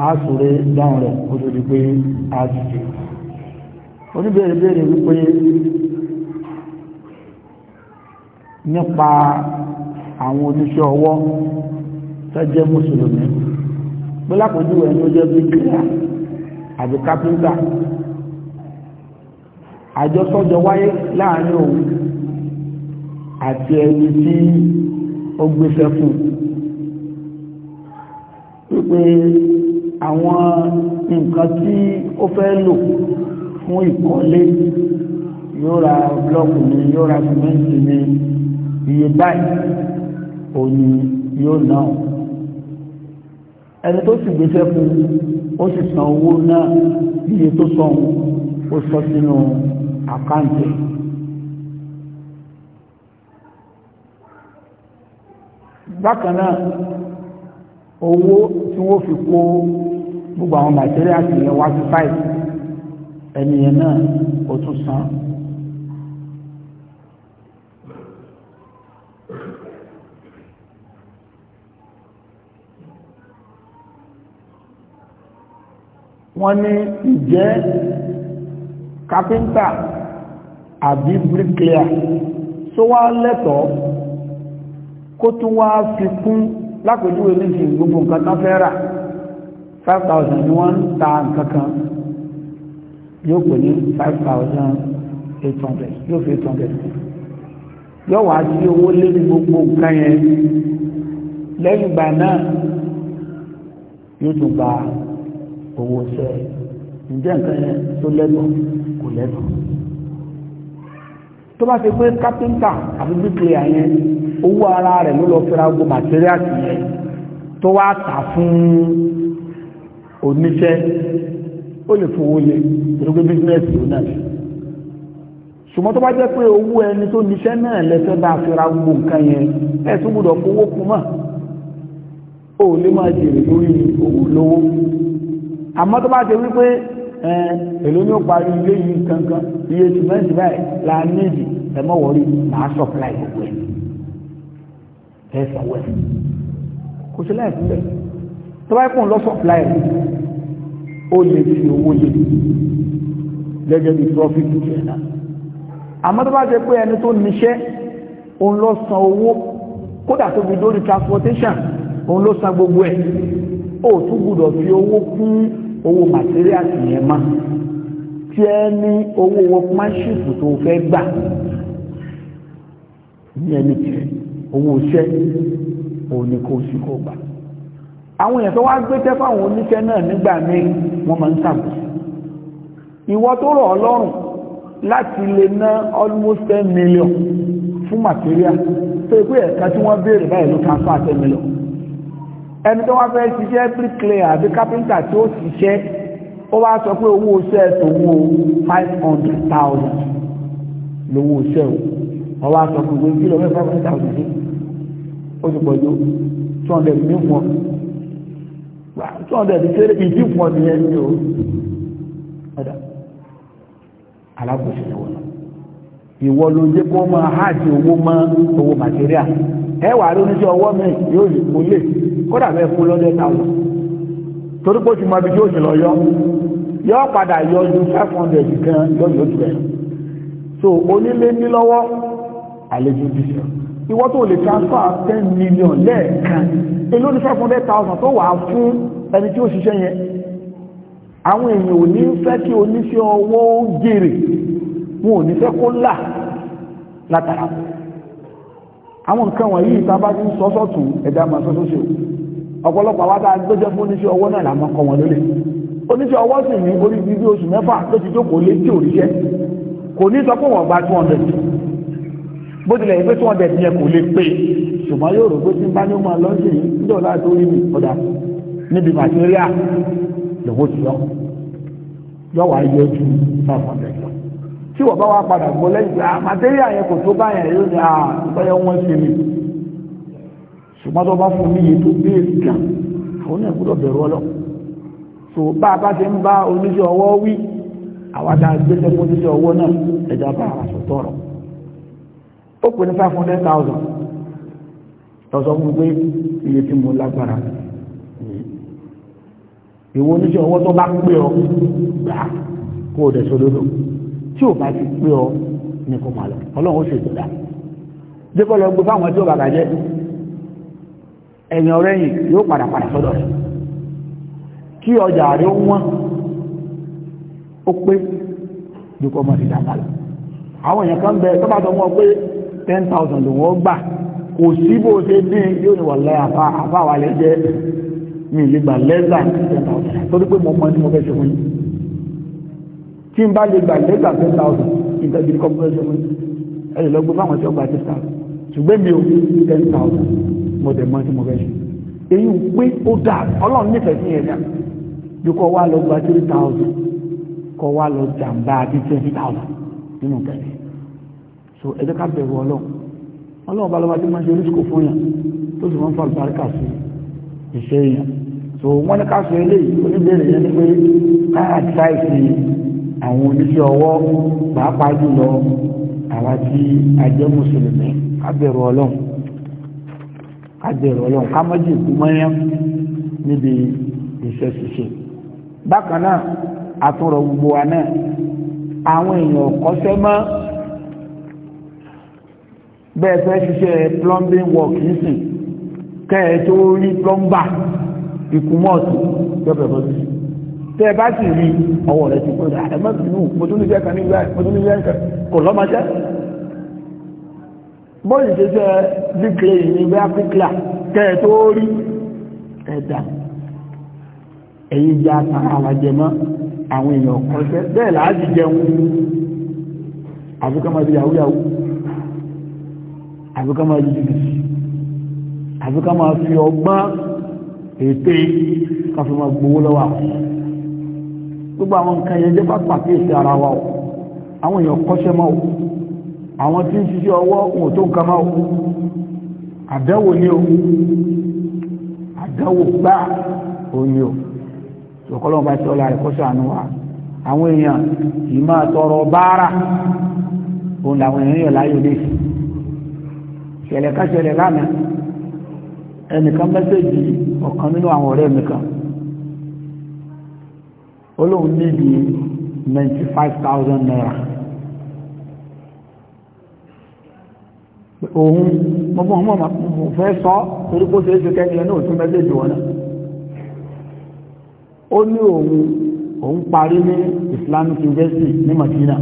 àásùré dáhùn rẹ̀ kó tó di pé àásùré oníbèrè béèrè wípé nípa àwọn oníṣẹ́ ọwọ́ tó jẹ́ mùsùlùmí gbọ́lápọ̀jú ẹ̀ tó jẹ́ bíkìlá àbí kápẹ́ńtà àjọsọ́jọ wáyé láàrin òun àti ẹni tí ó gbéṣẹ́ fún wípé àwọn nǹkan tí ó fẹ́ lò fún ìkọ́lé yóò ra blọọkù ni yóò ra sìmẹ́ǹtì ni iye báyìí òní yóò náà ẹni tó sì gbéṣẹ́ fún ó sì san owó náà iye tó san ó sọ sínú àkáǹtì bákan náà owó tí wọ́n fi kó gbogbo àwọn materials yẹn wá sí five ẹni yẹn náà ó tún san. wọ́n ní ìjẹ́ kápẹ́ńtà àbí bricklayer tó wá lẹ́tọ̀ọ́ kó tún wá fi kún lápèjúwe ní ti gbogbo nǹkan tán fẹ́ rà 5000 ni wọ́n ń ta nǹkan kan yóò pè ní 5800 yóò fi 800 yóò wá sí owó lé ní gbogbo nǹkan yẹn lẹ́yìn ìgbà náà yóò tún gba owó sẹ́ ǹjẹ́ nǹkan yẹn tó lẹ́tọ̀ọ́ kò lẹ́tọ̀ọ́ tó bá ti pé kápẹ́ńtà àbí bíkìlì àyẹn owó ara rẹ̀ ló lọ fẹ́ra gbogbo màtíríàtì yẹn tó wá tà fún oníṣẹ́ ó lè fowó lé ìrúgbé bísínẹ́sì ló náà ṣùgbọ́n tó bá jẹ́ pé owó ẹni tó níṣẹ́ náà lẹ́fẹ́ bá fẹ́ra gbogbo nǹkan yẹn ẹ̀ tó gbọ́dọ̀ fowó kù mọ́ ó lè máa jèrè lórí òwò lówó àmọ́ tó bá ṣe wípé èlò ní ó parí ilé yìí kankan iye tìmẹ́ǹtì báyìí la nídìí ẹ̀mọ́wọ́rí màá sọ̀pláì gbogbo ẹ̀ ẹ̀ sanwó ẹ̀ kò sí láì fún bẹ́ẹ̀ tó bá kún lọ́sọ̀ fúláì ó lè fi owó yẹ gẹ́gẹ́ bí prọfìtì tiẹ̀ náà àmọ́ tó bá jẹ́ pé ẹni tó níṣẹ́ òun lọ san owó kódà tó fi dórí transportation òun ló san gbogbo ẹ̀ ó tún gbúdọ̀ fi owó kún owó materials yẹn mọ́ tí ẹ ní owó workmanship tó fẹ́ gbà ní ẹni tẹ̀ owó iṣẹ́ òun ni kò sí kò gbà àwọn èèyàn tó wá gbé tẹ́ fáwọn oníṣẹ́ náà nígbà míì wọ́n máa ń sàbòsí ìwọ tó rọ̀ ọ́ lọ́rùn láti lè ná almost ten million fún material tó ikú ẹ̀ka tí wọ́n béèrè báyìí ló ká fún ten million ẹni tó wá fẹ́ ṣiṣẹ́ bricklayer àbí carpenter tí ó ṣiṣẹ́ ó wá sọ pé owó iṣẹ́ tòun o five hundred thousand lówó iṣẹ́ o wọ́n wá sọ pé gbogbo ìlọ́wọ́ five hundred thousand ó ti pọ̀jù 200 ní fún ọ 200 ṣe ìdí fún ọ ní ẹni o ọ̀dà alákòóso ni wọ́n ìwọ ló jẹ́ kó máa háàtì owó mọ́ owó màtíríà ẹ wà lóníṣẹ́ ọwọ́ mi yóò lè kó lè kódà bẹ́ẹ̀ fún lọ́dẹ́ táwọn torí pé ó ti mọ ibi tí ó sì lọ yọ yọ padà yọ ju five hundred gan yọ yóò jù ẹ so onílé ní lọ́wọ́ àlejò bìsọ̀ ìwọ́n tó lè transfer ten million lẹ́ẹ̀kan èló ní five hundred thousand tó wà fún ẹni tí ó ṣiṣẹ́ yẹn àwọn èèyàn ò ní fẹ́ kí oníṣẹ́ ọwọ́ jèrè wọn ò ní fẹ́ kó là látara àwọn nǹkan wọ̀nyí ìta bá ti ń sọ sọ́tún ẹ̀dá máa sọ sóṣè o ọ̀pọ̀lọpọ̀ àwọn agbẹ́jẹ́ fún oníṣẹ́ ọwọ́ náà làmọ́ kọ wọn lólè oníṣẹ́ ọwọ́ sì ní orí bíbí oṣù mẹ́fà tó ti jókòó lé tí ò ríṣẹ́ kò ní sọ pé wọ́n gba two hundred bó tilẹ̀ yìí pé tí wọ́n dẹ̀ tiẹ̀ kò lè pè ṣùgbọ́n yóò rò pé tí bá ní ọmọ lọ́sì yìí níjọ́ láti orí mi ọ̀dà níbi màtíríà lọ́wọ́ ti lọ yọ wá yọ ju five hundred lọ tí wọ́n bá wá padà gbọ́ lẹ́yìn pé ah, màtíríà yẹn kò tó báyẹn yóò ní ah, àbáyọ wọn ṣe mi ṣùgbọ́n tó bá fún mi yìí tó béèrè gan àwọn náà gbọ́dọ̀ bẹ̀rù ọlọ so bá a bá ti ń bá oníṣẹ́ ọwọ́ wí àwọn àti àgbẹ̀ṣẹ́ fún oníṣẹ́ ọwọ́ náà ẹ̀dá bá a sọ tọrọ ó pè ní five hundred thousand lọ́sọ̀ fún pé iye tí mo lágbára ìwọ oníṣẹ́ ọwọ́ tó bá pé ọ gbà kó o dẹ̀ sódodo tí ò bá ti pé ọ ní kò máa lọ ọlọ́run ó ṣètò dá débọ́ lọ gbé fáwọn tí ó bàbá jẹ́ ẹ̀yìn ọ̀rẹ́ yìí yóò padà padà sọ́dọ̀ rẹ̀ kí ọjà rẹ̀ wọ́n ó pé ju kọ́ mọ́ ti dàgbà lọ àwọn èèyàn kan bẹ tó bá sọ wọn pé 10.000 thousand wọ́n gbà kò sí bó ṣe dín yóò ní wàlẹ́ àfáwà lè jẹ́ mi lè gbà lẹ́gbà ten thousand torí pé mo mọ ní mo fẹ́ ṣe fún yín tí n bá lè gbà lẹ́gbà ten thousand ìtẹ́jú kọ́ mo fẹ́ ṣe fún yín ẹ̀yẹ lọ́gbọ́n fáwọn tí ó gbà ten thousand ṣùgbọ́n mi ò ten thousand mo dẹ̀ mọ́ tí mo fẹ́ ṣe èyí ń pé ó dà ọlọ́run nífẹ̀ẹ́ sí ẹ̀dá ju kọ́ wá lọ gba three thousand wá lọ jàǹbá bíi twenty nínú kẹ́kẹ́ so ẹjẹ́ ká bẹ̀rù ọlọ́run ọlọ́run bá lọ́wọ́ tí máa ń ṣe oríṣkò fún yàn tó sì máa ń fa sí iṣẹ́ èèyàn so wọ́n ní ká sọ eléyìí oníbẹ̀rẹ̀ yẹn ni pé káàdì sáìsì àwọn oníṣẹ́ ọwọ́ pàápàá jùlọ àwa tí a jẹ́ mùsùlùmí ká bẹ̀rù ọlọ́run ká bẹ̀rù ọlọ́run ká má jì kú mọ́yán níbi iṣẹ́ ṣíṣe bákan náà àtúnrọ̀ gbogbo wa náà àwọn èèyàn kọ́ṣẹ́ mọ́ bẹ́ẹ̀ fẹ́ ṣiṣẹ́ plumbing work nísìn kẹ́ẹ̀ tó rí plumber ìkùmọ́ọ̀tù yọ̀bẹ̀ bọ́ sí tẹ́ ẹ bá sì rí ọwọ́ rẹ̀ ti kọjá ẹ má bínú mo tún níṣẹ́ kan nígbà mo tún níṣẹ́ kan kò lọ́mọṣẹ́ bọ́ọ̀lù ṣiṣẹ́ bíkìlẹ̀ yìí ní bẹ́ẹ̀ bíkìlà kẹ́ẹ̀ tó rí ẹ̀dá ẹ̀yìn ìjà àtàrà àwàjẹmọ́ àwọn èèyàn kọ́ṣẹ́ bẹ́ẹ̀ làá ti jẹun àfikọ́mọdé yahoo yahoo àbíká máa jìbì àbíká máa fi ọgbọ́n ète káfí máa gbowó lọ́wọ́ àwọn gbogbo àwọn nǹkan yẹn jẹ́ pàtàkì èsì ara wa àwọn èèyàn kọ́ṣẹ́ máa àwọn tí ń ṣiṣẹ́ ọwọ́ wọn tó nǹkan máa àdáwò ní o àdáwò gbá òní o ṣòkọ́lọ́wọ́ bá ṣọ́lá ẹ̀kọ́ṣẹ́ àánú wa àwọn èèyàn yìí tọrọ báárà òun làwọn èèyàn yẹ̀ láyò lè ìṣẹ̀lẹ̀ ká ṣẹlẹ̀ lánàá ẹnìkan mẹ́sẹ̀jì ọ̀kan nínú àwọn ọ̀rẹ́ mi kan ó lóun níbi 95,000 naira òun mọ́mọ́ mọ́mọ́ fẹ́ sọ torí kó ṣe é ṣe kẹ́ni ẹ̀ náà mẹ́sẹ̀jì wọn ó ní òun òun parí ní Islamic University ní Madina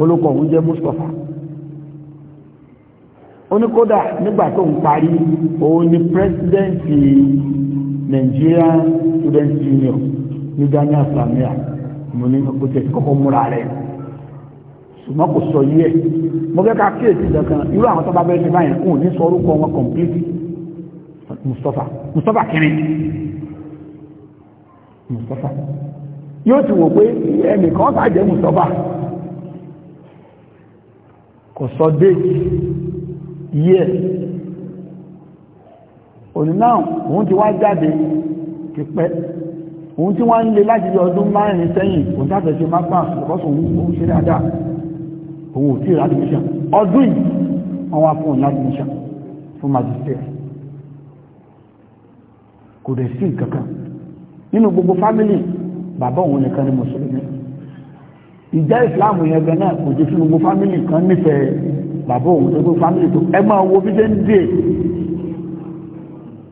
olùkọ́ òun jẹ́ Mustapha oníkódà nígbà tó ń parí òun ni pírẹsidẹ́ǹtì Nigeria Students Union ní daniel samia mo ní ọkùnrin kọ́kọ́ múra ṣùgbọ́n kò sọ yí mo fẹ́ ká kíyèsí kankan irú àwọn tó bẹ́ẹ̀ ṣe báyìí kò ní sọ orúkọ wọn Mustapha Mustapha kìnrin Mustapha yóò ti wò pé ẹnìkan bá jẹ́ Mustapha kò sọ déètì years òní náà òun ti wá jáde ti pẹ́ òun tí wọ́n ń lè láti lọ ọdún márùn-ún sẹ́yìn òun tàbí ṣe má pàá lọ́sùn òun ṣe dáadáa òun ò tí ìrà admission ọdún yìí wọ́n wá fún òun admission fún magistrate kò dẹ̀ sí kankan nínú gbogbo family bàbá òun nìkan ni mùsùlùmí ìjẹ́ ìsìláàmù yẹn gan náà kò jẹ́ sínú gbogbo family kan nífẹ̀ẹ́ bàbá òun tó gbé fámílì tó ẹgbẹ́ owó bí ṣe ń dè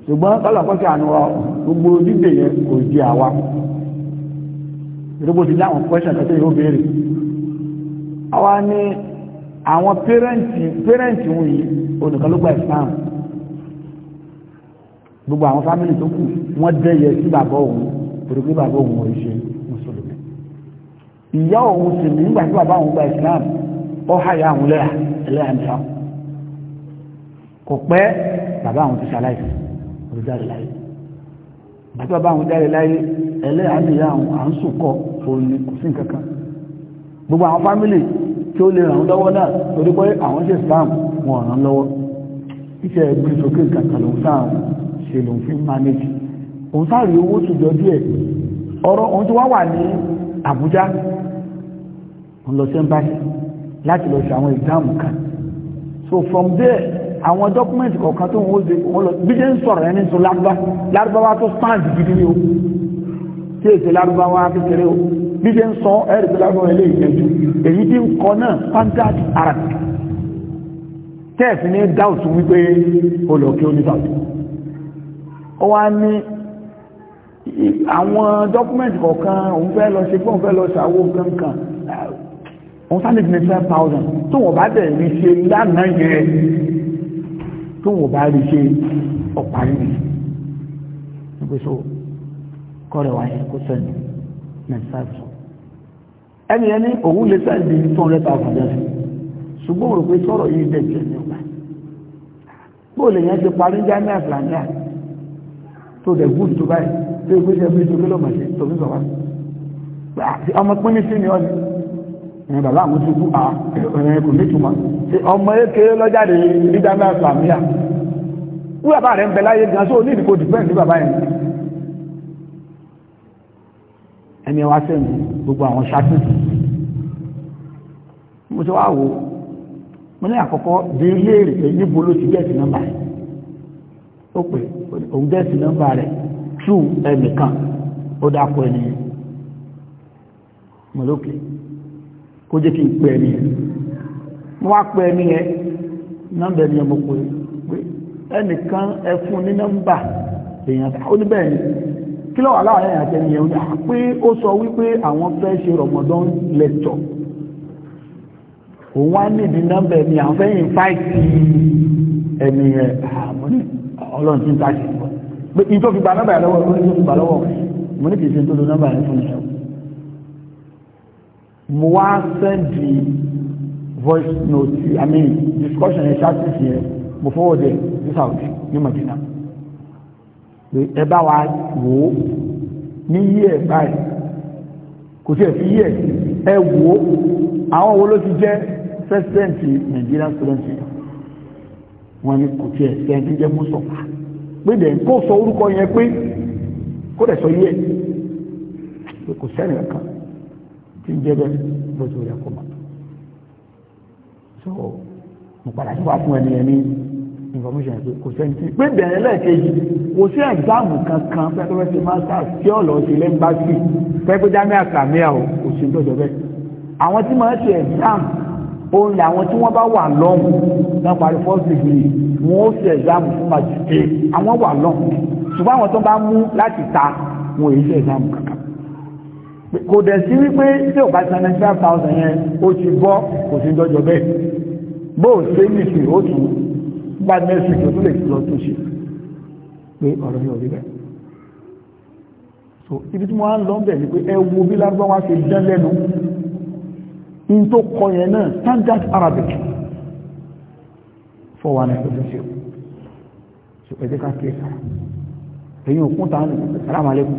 ṣùgbọ́n tọ́lọ̀pọ̀ṣẹ̀ àánú wa gbogbo dídè yẹn kò di àwa ìdókòtì láwọn kọ́ṣẹ̀ tẹ́tẹ́ yóò béèrè àwa ní àwọn pẹ́rẹ́ǹtì pẹ́rẹ́ǹtì wọn yìí olùkọ́ ló gba ìsáàmù gbogbo àwọn fámílì tó kù wọ́n dẹ́yẹ sí bàbá òun torí pé bàbá òun ò ṣe mùsùlùmí ìyá òun sì nígbà tí bàbá òun gba ìsáàmù ó háyà àwọn ẹlẹ́yàmẹ̀yà kò pẹ́ bàbá àwọn ti ṣaláìsí olùdarí láyé àti bàbá àwọn jáde láyé ẹlẹ́yàmẹ̀yà àwọn à ń sùkọ́ òní kò sí gbogbo àwọn fámílì tí ó lè ràn lọ́wọ́ náà torí àwọn ṣe Islam wọn ràn lọ́wọ́ iṣẹ́ ẹgbẹ́ sókè kàkà ṣe fi òun owó láti lọ ṣe àwọn ìdáàmù kan so from there àwọn dọ́kúmẹ́ntì kọ̀ọ̀kan tó wọ́n wọ́n lọ bí jẹ́ ń sọ̀rọ̀ ẹni sọ lárúbáwá tó stand gidi ni o tí èsè lárúbáwá kékeré o bí jẹ́ ń sọ ẹ̀rì tó lárúbáwá ilé ìjẹ́jú èyí tí ń kọ náà standard Arabic tẹ́ẹ̀fì ní doubt wípé olùkí oníṣàtò ó wá ní àwọn dọ́kúmẹ́ntì kọ̀ọ̀kan òun fẹ́ lọ ṣe pé òun fẹ́ lọ ṣàwó kankan wọ́n sáré ní twelve thousand tó wọ́n bá bẹ̀ rí ṣe lánàá yẹn tó wọ́n bá rí ṣe ọ̀pá yìí nígbè so kọ́rẹ̀ wáyé kó sẹ́ni ní twelve thousand ẹni ẹni òun lè sẹ́ni bí two hundred thousand jẹ́sí ṣùgbọ́n rò pé sọ̀rọ̀ yìí dẹ̀ jẹ́ ní ọgbà bóò lè yẹn ti parí jamiu àfìlànìyà tó dẹ̀ gúdù tó báyìí tó gbé jẹ́ bí tó kí ló mọ̀ sí tòmí sọ̀rọ̀ ọmọ pínlẹ̀ sí ni ọ́ ni ẹ̀yìn bàbá àwọn ti kú ààrẹ kò nítumọ̀ tí ọmọ ékeré lọ́jáde nígbàmẹ́ àfàmíà wú bàbá rẹ̀ ń bẹ láyé gan sóò ní ìdíkò dìpẹ́ǹdì bàbá yẹn ẹni wá sẹ́nu gbogbo àwọn ṣáàtìsì mo ti wá wò mo ní àkọ́kọ́ bí ilé èrè níbo ló ti gẹ̀ẹ́sì nọ́mbà rẹ̀ ó pè òun gẹ̀ẹ́sì nọ́mbà rẹ̀ true ẹnìkan ó dákọ̀ kó jẹ́ kí n pẹ́ ẹni yẹn mo wá pẹ́ ẹni yẹn nọ́mbà ẹni yẹn mo é ẹnìkan ẹ fún ní nọ́mbà èèyàn ó ní bẹ́ẹ̀ ni kí lọ́wọ́ aláwọ̀ ẹ̀yà àtẹni yẹn ni ah, pé ó sọ wípé àwọn fẹ́ ṣe rọmọdán lẹ́tọ̀ òun á nídìí nọ́mbà ẹni àwọn fẹ́ yìn fáìtì ẹni yẹn àmọ́ ah, ní ọlọ́run tí ń tàṣe pé ìtọ́ fi gba nọ́mbà yẹn lọ́wọ́ ìtọ́ fi gba lọ́wọ́ mo ní kì í ṣe tó mo wá the voice note i mean discussion yẹn ṣáàtìsì yẹn mo fọwọ́ dẹ̀ ní Saudi ní Madina ẹ bá wa wò ó ní yí ẹ̀ báyìí kò sí ẹ̀fí yí ẹ̀ ẹ wò ó àwọn wo ló ti jẹ́ president Nigerian student union wọ́n ní kò tiẹ̀ sẹ́ńtì jẹ́ mùsọ̀fà pé dẹ̀ kó sọ orúkọ yẹn pé kó dẹ̀ sọ yí ẹ̀ pé kò sẹ́ni kankan tí ń jẹ́ bẹ́ẹ̀ bó ti rẹ̀ kó mọ̀ so mo padà sí wá fún ẹni ẹni information pé kò sẹ́ni tí pé bẹ̀rẹ̀ lẹ́ẹ̀kejì kò sí ẹ̀gbáàmù kankan pẹ́pẹ́ ti masters tí ọ̀lọ́ ti lẹ́mbàsí pẹ́pẹ́ jámẹ́ àkàmíà o kò sí tó jọ bẹ́ẹ̀ àwọn tí máa ń ṣe exam òun ni àwọn tí wọ́n bá wà lọ́hùn náà parí first degree wọ́n ó ṣe exam fún màjèké àwọn wà lọ́hùn ṣùgbọ́n àwọn tó bá mú láti ta wọn kò dẹ̀ sí wípé tí ò bá ti ní five thousand yẹn ó ti bọ́ kò sí jọjọ bẹ́ẹ̀ bó o ṣe ní ìsìn ó tún bá mẹ́sì tó tún lè lọ tó ṣe pé ọ̀rọ̀ yóò rí bẹ́ẹ̀ so ibi tí mo á ń lọ bẹ̀ ni pé ẹ wo bí lágbọ́n wá ṣe dán lẹ́nu in tó kọ yẹn náà standard Arabic fọ́ wa náà so ẹ jẹ́ ká kí ẹ sára ẹ̀yin òkúta ní sàrámàlẹ́kùn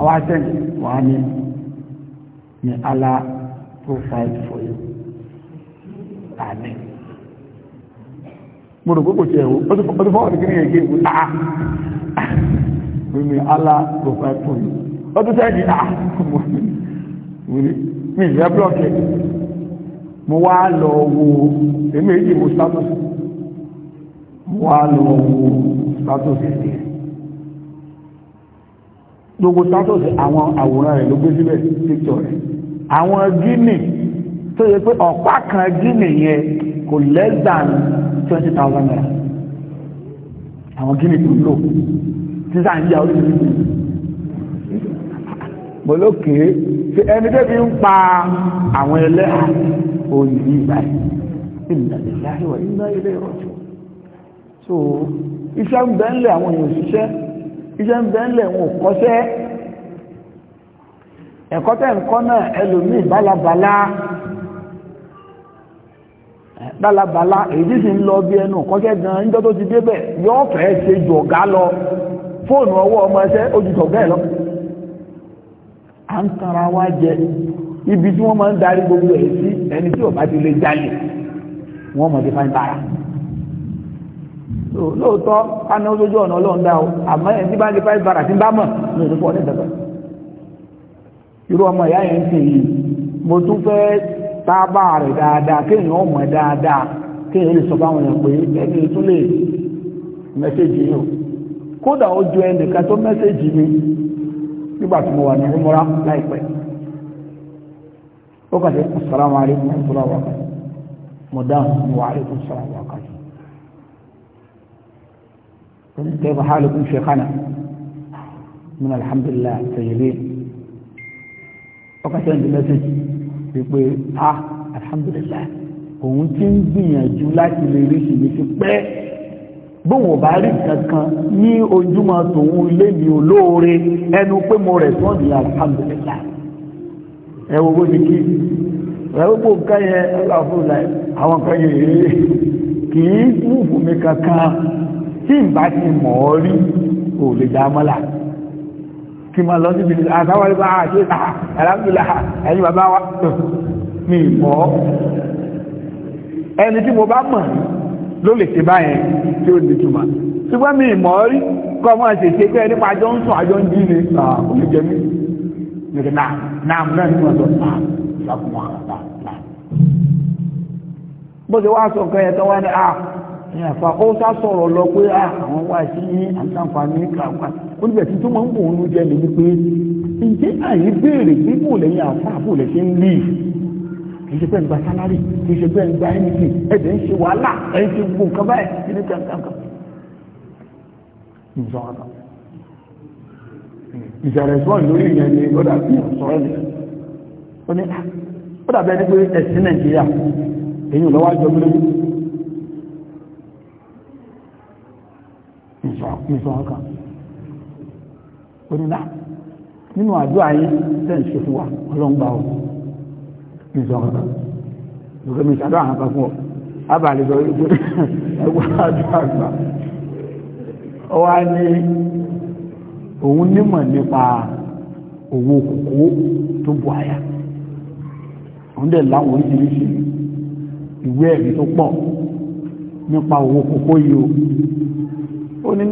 our send wani may Allah provide for you amen mo rò pé kò tiẹ̀ o ó ti fọwọ́ ní kíni yẹn kí ewu ah, ah. may Allah provide for you ó ti sẹ́yìn ah, ah. ní ah mi ìfẹ́ blọ́ọ̀kì mo wá lọ wo èmi èyí mo status mo wá lọ wo status ẹ̀ gbogbo status àwọn àwòrán rẹ̀ ló gbé síbẹ̀ picture rẹ̀ àwọn guinea tó yẹ pé ọ̀pá kan guinea yẹn kò less than twenty thousand naira àwọn guinea tó ń lò títà ń yà oríṣiríṣi mo lókè ṣe ẹni débi ń pa àwọn ẹlẹ́hà òyìn ìbáyìí ìlànà ìlànà ìlànà ìlànà ìrọ̀jù so iṣẹ́ ń bẹ́ńlẹ̀ àwọn èèyàn òṣìṣẹ́ iṣẹ́ ń bẹ́ńlẹ̀ wọn ò kọ́ṣẹ́ ẹ̀kọ́ tẹ̀ ń kọ́ náà ẹlòmíì bálabàlá bálabàlá èyí sì ń lọ bí ẹnu kọ́ṣẹ́ gan níjọ́ tó ti débẹ̀ yóò fẹ́ ṣe jọ̀gá lọ fóònù ọwọ́ ọmọ ẹṣẹ́ ó ju jọ̀gá ẹ̀ lọ à ń tara wá jẹ ibi tí wọ́n máa ń darí gbogbo ẹ̀ sí ẹni tí ò bá ti lè jalè wọ́n mọ̀ sí fáin bára. lóòótọ́ káná ojú ọ̀nà ọlọ́run dá o àmọ́ ẹ̀ tí bá ń di five barra bá mọ̀ ní irú ọmọ ìyá yẹn ń yìí mo tún fẹ́ tábà rẹ̀ dáadáa kéèyàn ọmọ ẹ̀ dáadáa kéèyàn lè sọ fáwọn èèyàn pé ẹni tún lè mẹ́sẹ̀jì yìí o kódà ó ju tó mẹ́sẹ̀jì mi nígbà tí mo wà ní láìpẹ́ ó كيف حالكم شيخنا من الحمد لله طيبين ọkàtí ẹni mẹsẹgì آه الحمد لله. òun ti ń gbìyànjú láti lè rí sí mi ti pẹ́ bóun ò bá rí kankan ní ojúmọ́ tòun ilé mi olóore ẹnu pé mo rẹ̀ tán ní alhamdulilah ẹ wo bó ti kí ẹ wo bó nǹkan yẹn ẹ lọ fún un láì àwọn kan yẹn kì í mú fún mi kankan tí n bá ti mọ̀ ọ́ rí ò lè dá mọ́là kí n máa lọ síbi àtàwọn ẹgbẹ́ àti àlámìlà ẹ̀yìn bàbá wa mi mọ̀ ọ́ ẹni tí mo bá mọ̀ ló lè ṣe báyẹn tí ó lè túmọ̀ ṣùgbọ́n mi mọ̀ ọ́ rí kọ́ ọmọ ṣe ṣe pé nípa àjọ ń sùn àjọ ń jí ni olùjẹ mi nìkan náà náà náà ni wọ́n sọ náà ah, ah, ah, bó ṣe wá sọ nǹkan yẹn tó wá ní àà ní àfa ó sá sọ̀rọ̀ lọ pé ah, àwọn wá sí àǹtàǹfààní kàwá ó níbẹ̀ tí tó máa ń bò ń jẹ́ lè ní pé ǹjẹ́ àyè béèrè pé bò lẹ́yìn àfa bò lẹ́ ṣe ń lè kì í ṣe pé ń gba sálárì kì í ṣe pé ń gba ẹnìkì ẹ̀dẹ̀ ń ṣe wàhálà ẹ̀ ń ṣe gbogbo nǹkan báyìí kì í ní kankan nzọọdọ ìjàrẹ̀sọ́ lórí ìyẹn ni ó dàbí ọ̀sọ̀rọ̀ ni ah, ó dàbí ẹni pé ẹ̀sìn nàìjíríà èyí ò lọ́wọ́ àjọ mílíọ̀nù mi sọ ọkàn onílá nínú àdúrà yìí tẹ́ ń ṣe fún wa ọlọ́ngbà ọ̀ mi sọ ọkàn lókè mi ṣàdọ́ àwọn kan fún ọ abàlẹ̀ sọ wípé ẹgbẹ́ àdúrà gbà ọ wá ní òun nímọ̀ nípa owó kòkó tó bu àyà òun dẹ̀ láwọn oríṣiríṣi ìwé ẹ̀rí tó pọ̀ nípa owó kòkó yìí o ó ní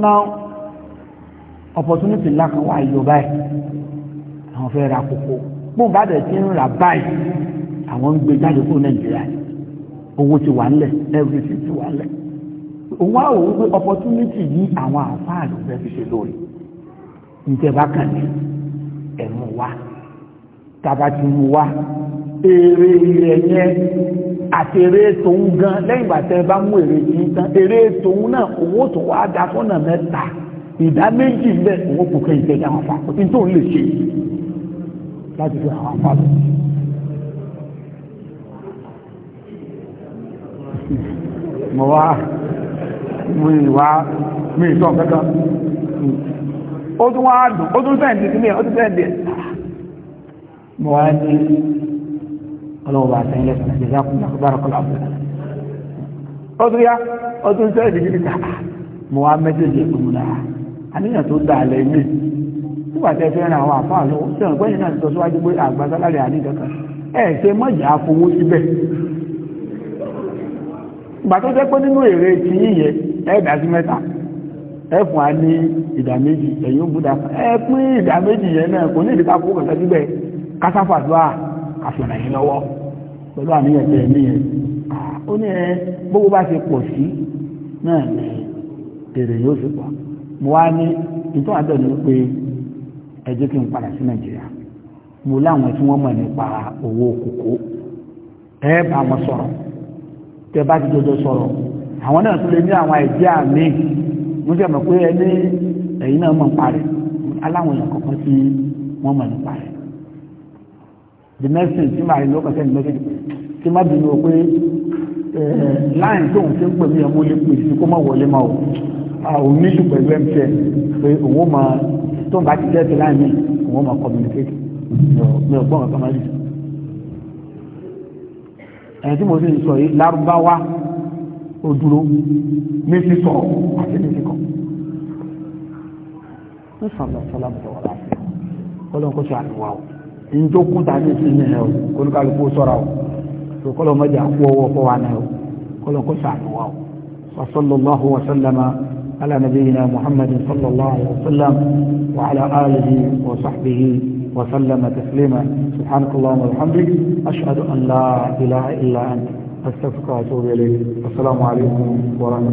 opportunity ńlá kan wá yọ báyìí àwọn fẹ́ ra kókó bóun bá dẹ̀ ti ń rà báyìí àwọn ń gbé jáde kó nàìjíríà owó ti wà ńlẹ̀ everything ti wà ńlẹ̀ òun á wò wípé opportunity yí àwọn àǹfààní ló fẹ́ fi ṣe lórí ìjẹba kan ní ẹ̀mú wa tábàtì mú wa èrè rẹ̀ yẹn àtẹ̀rẹ́ tòun gan lẹ́yìn ìgbàtẹ́ bá mú èrè yìí tán èrè tòun náà owó tó wá da fọ́nà mẹ́ta ìdá méjì bẹ́ẹ̀ owó kò kẹ́ ìtẹ́jà wọn fà kò tí tó ń lè ṣe láti fi àwọn afá lọ. mo wá mo ìwà mi ìtọ́ kankan ó tún wá dùn ó tún fẹ́ǹdì sílẹ̀ ó tún fẹ́ǹdì mo wá ní ọlọ́wọ́ àtẹ́yìn lẹ́sàn na kún àkọ́bára kọ́lá ọ̀fẹ́ ọdún yá ọdún sọ èdè gidi kàkà mo wá mẹ́sẹ̀jì tẹ́ fẹ́ àwọn àfáà síwájú pé ẹ̀ ṣe síbẹ̀ tó jẹ́ pé nínú èrè yíyẹ sí mẹ́ta ní ẹ̀yìn yẹn náà kò àfihàn yìí lọ́wọ́ pẹ̀lú àníyàn tẹ̀ níyẹn ó ní ẹ gbogbo bá ti pọ̀ sí náà ní èrè yóò fi pọ̀ mo wá ní ìtọ́ àdọ̀ ni pé ẹ jẹ́ kí n padà sí nàìjíríà mo láwọn tí wọ́n mọ̀ nípa owó kòkó ẹ bá wọn sọ̀rọ̀ tẹ bá ti jọjọ sọ̀rọ̀ àwọn náà tún lè ní àwọn àìjíà míì mo jẹ́ mọ̀ pé ẹni ẹ̀yin náà mọ̀ nípa aláwọn èèyàn kọ̀ọ̀kan tí wọ́n mọ̀ nípa rẹ̀ the next thing tí màá rí lọ́kàn sẹ́ni message kí má bínú o pé láàyè tó ń fi ń pè mí ẹ̀mú lè pè sí kó má wọlé máa o àwọn oníṣù pẹ̀lú MTN pé òun ó máa tó ń bá ti tẹ́tí láàyè mi òun ó máa communicate mi ò gbọ́n ọ̀kan máa rí ẹ̀yìn tí mo sì ń sọ yìí lárúbáwá òdúró ní sísọ àti ní kíkọ ní sàmùlà sọlá bùtọ̀ wà láti ọlọ́run kó ṣe àdúrà o. وصلى الله وسلم على نبينا محمد صلى الله عليه وسلم وعلى آله وصحبه وسلم تسليما سبحانك اللهم وبحمدك أشهد أن لا إله إلا أنت أستغفرك وأتوب إليك السلام عليكم ورحمة الله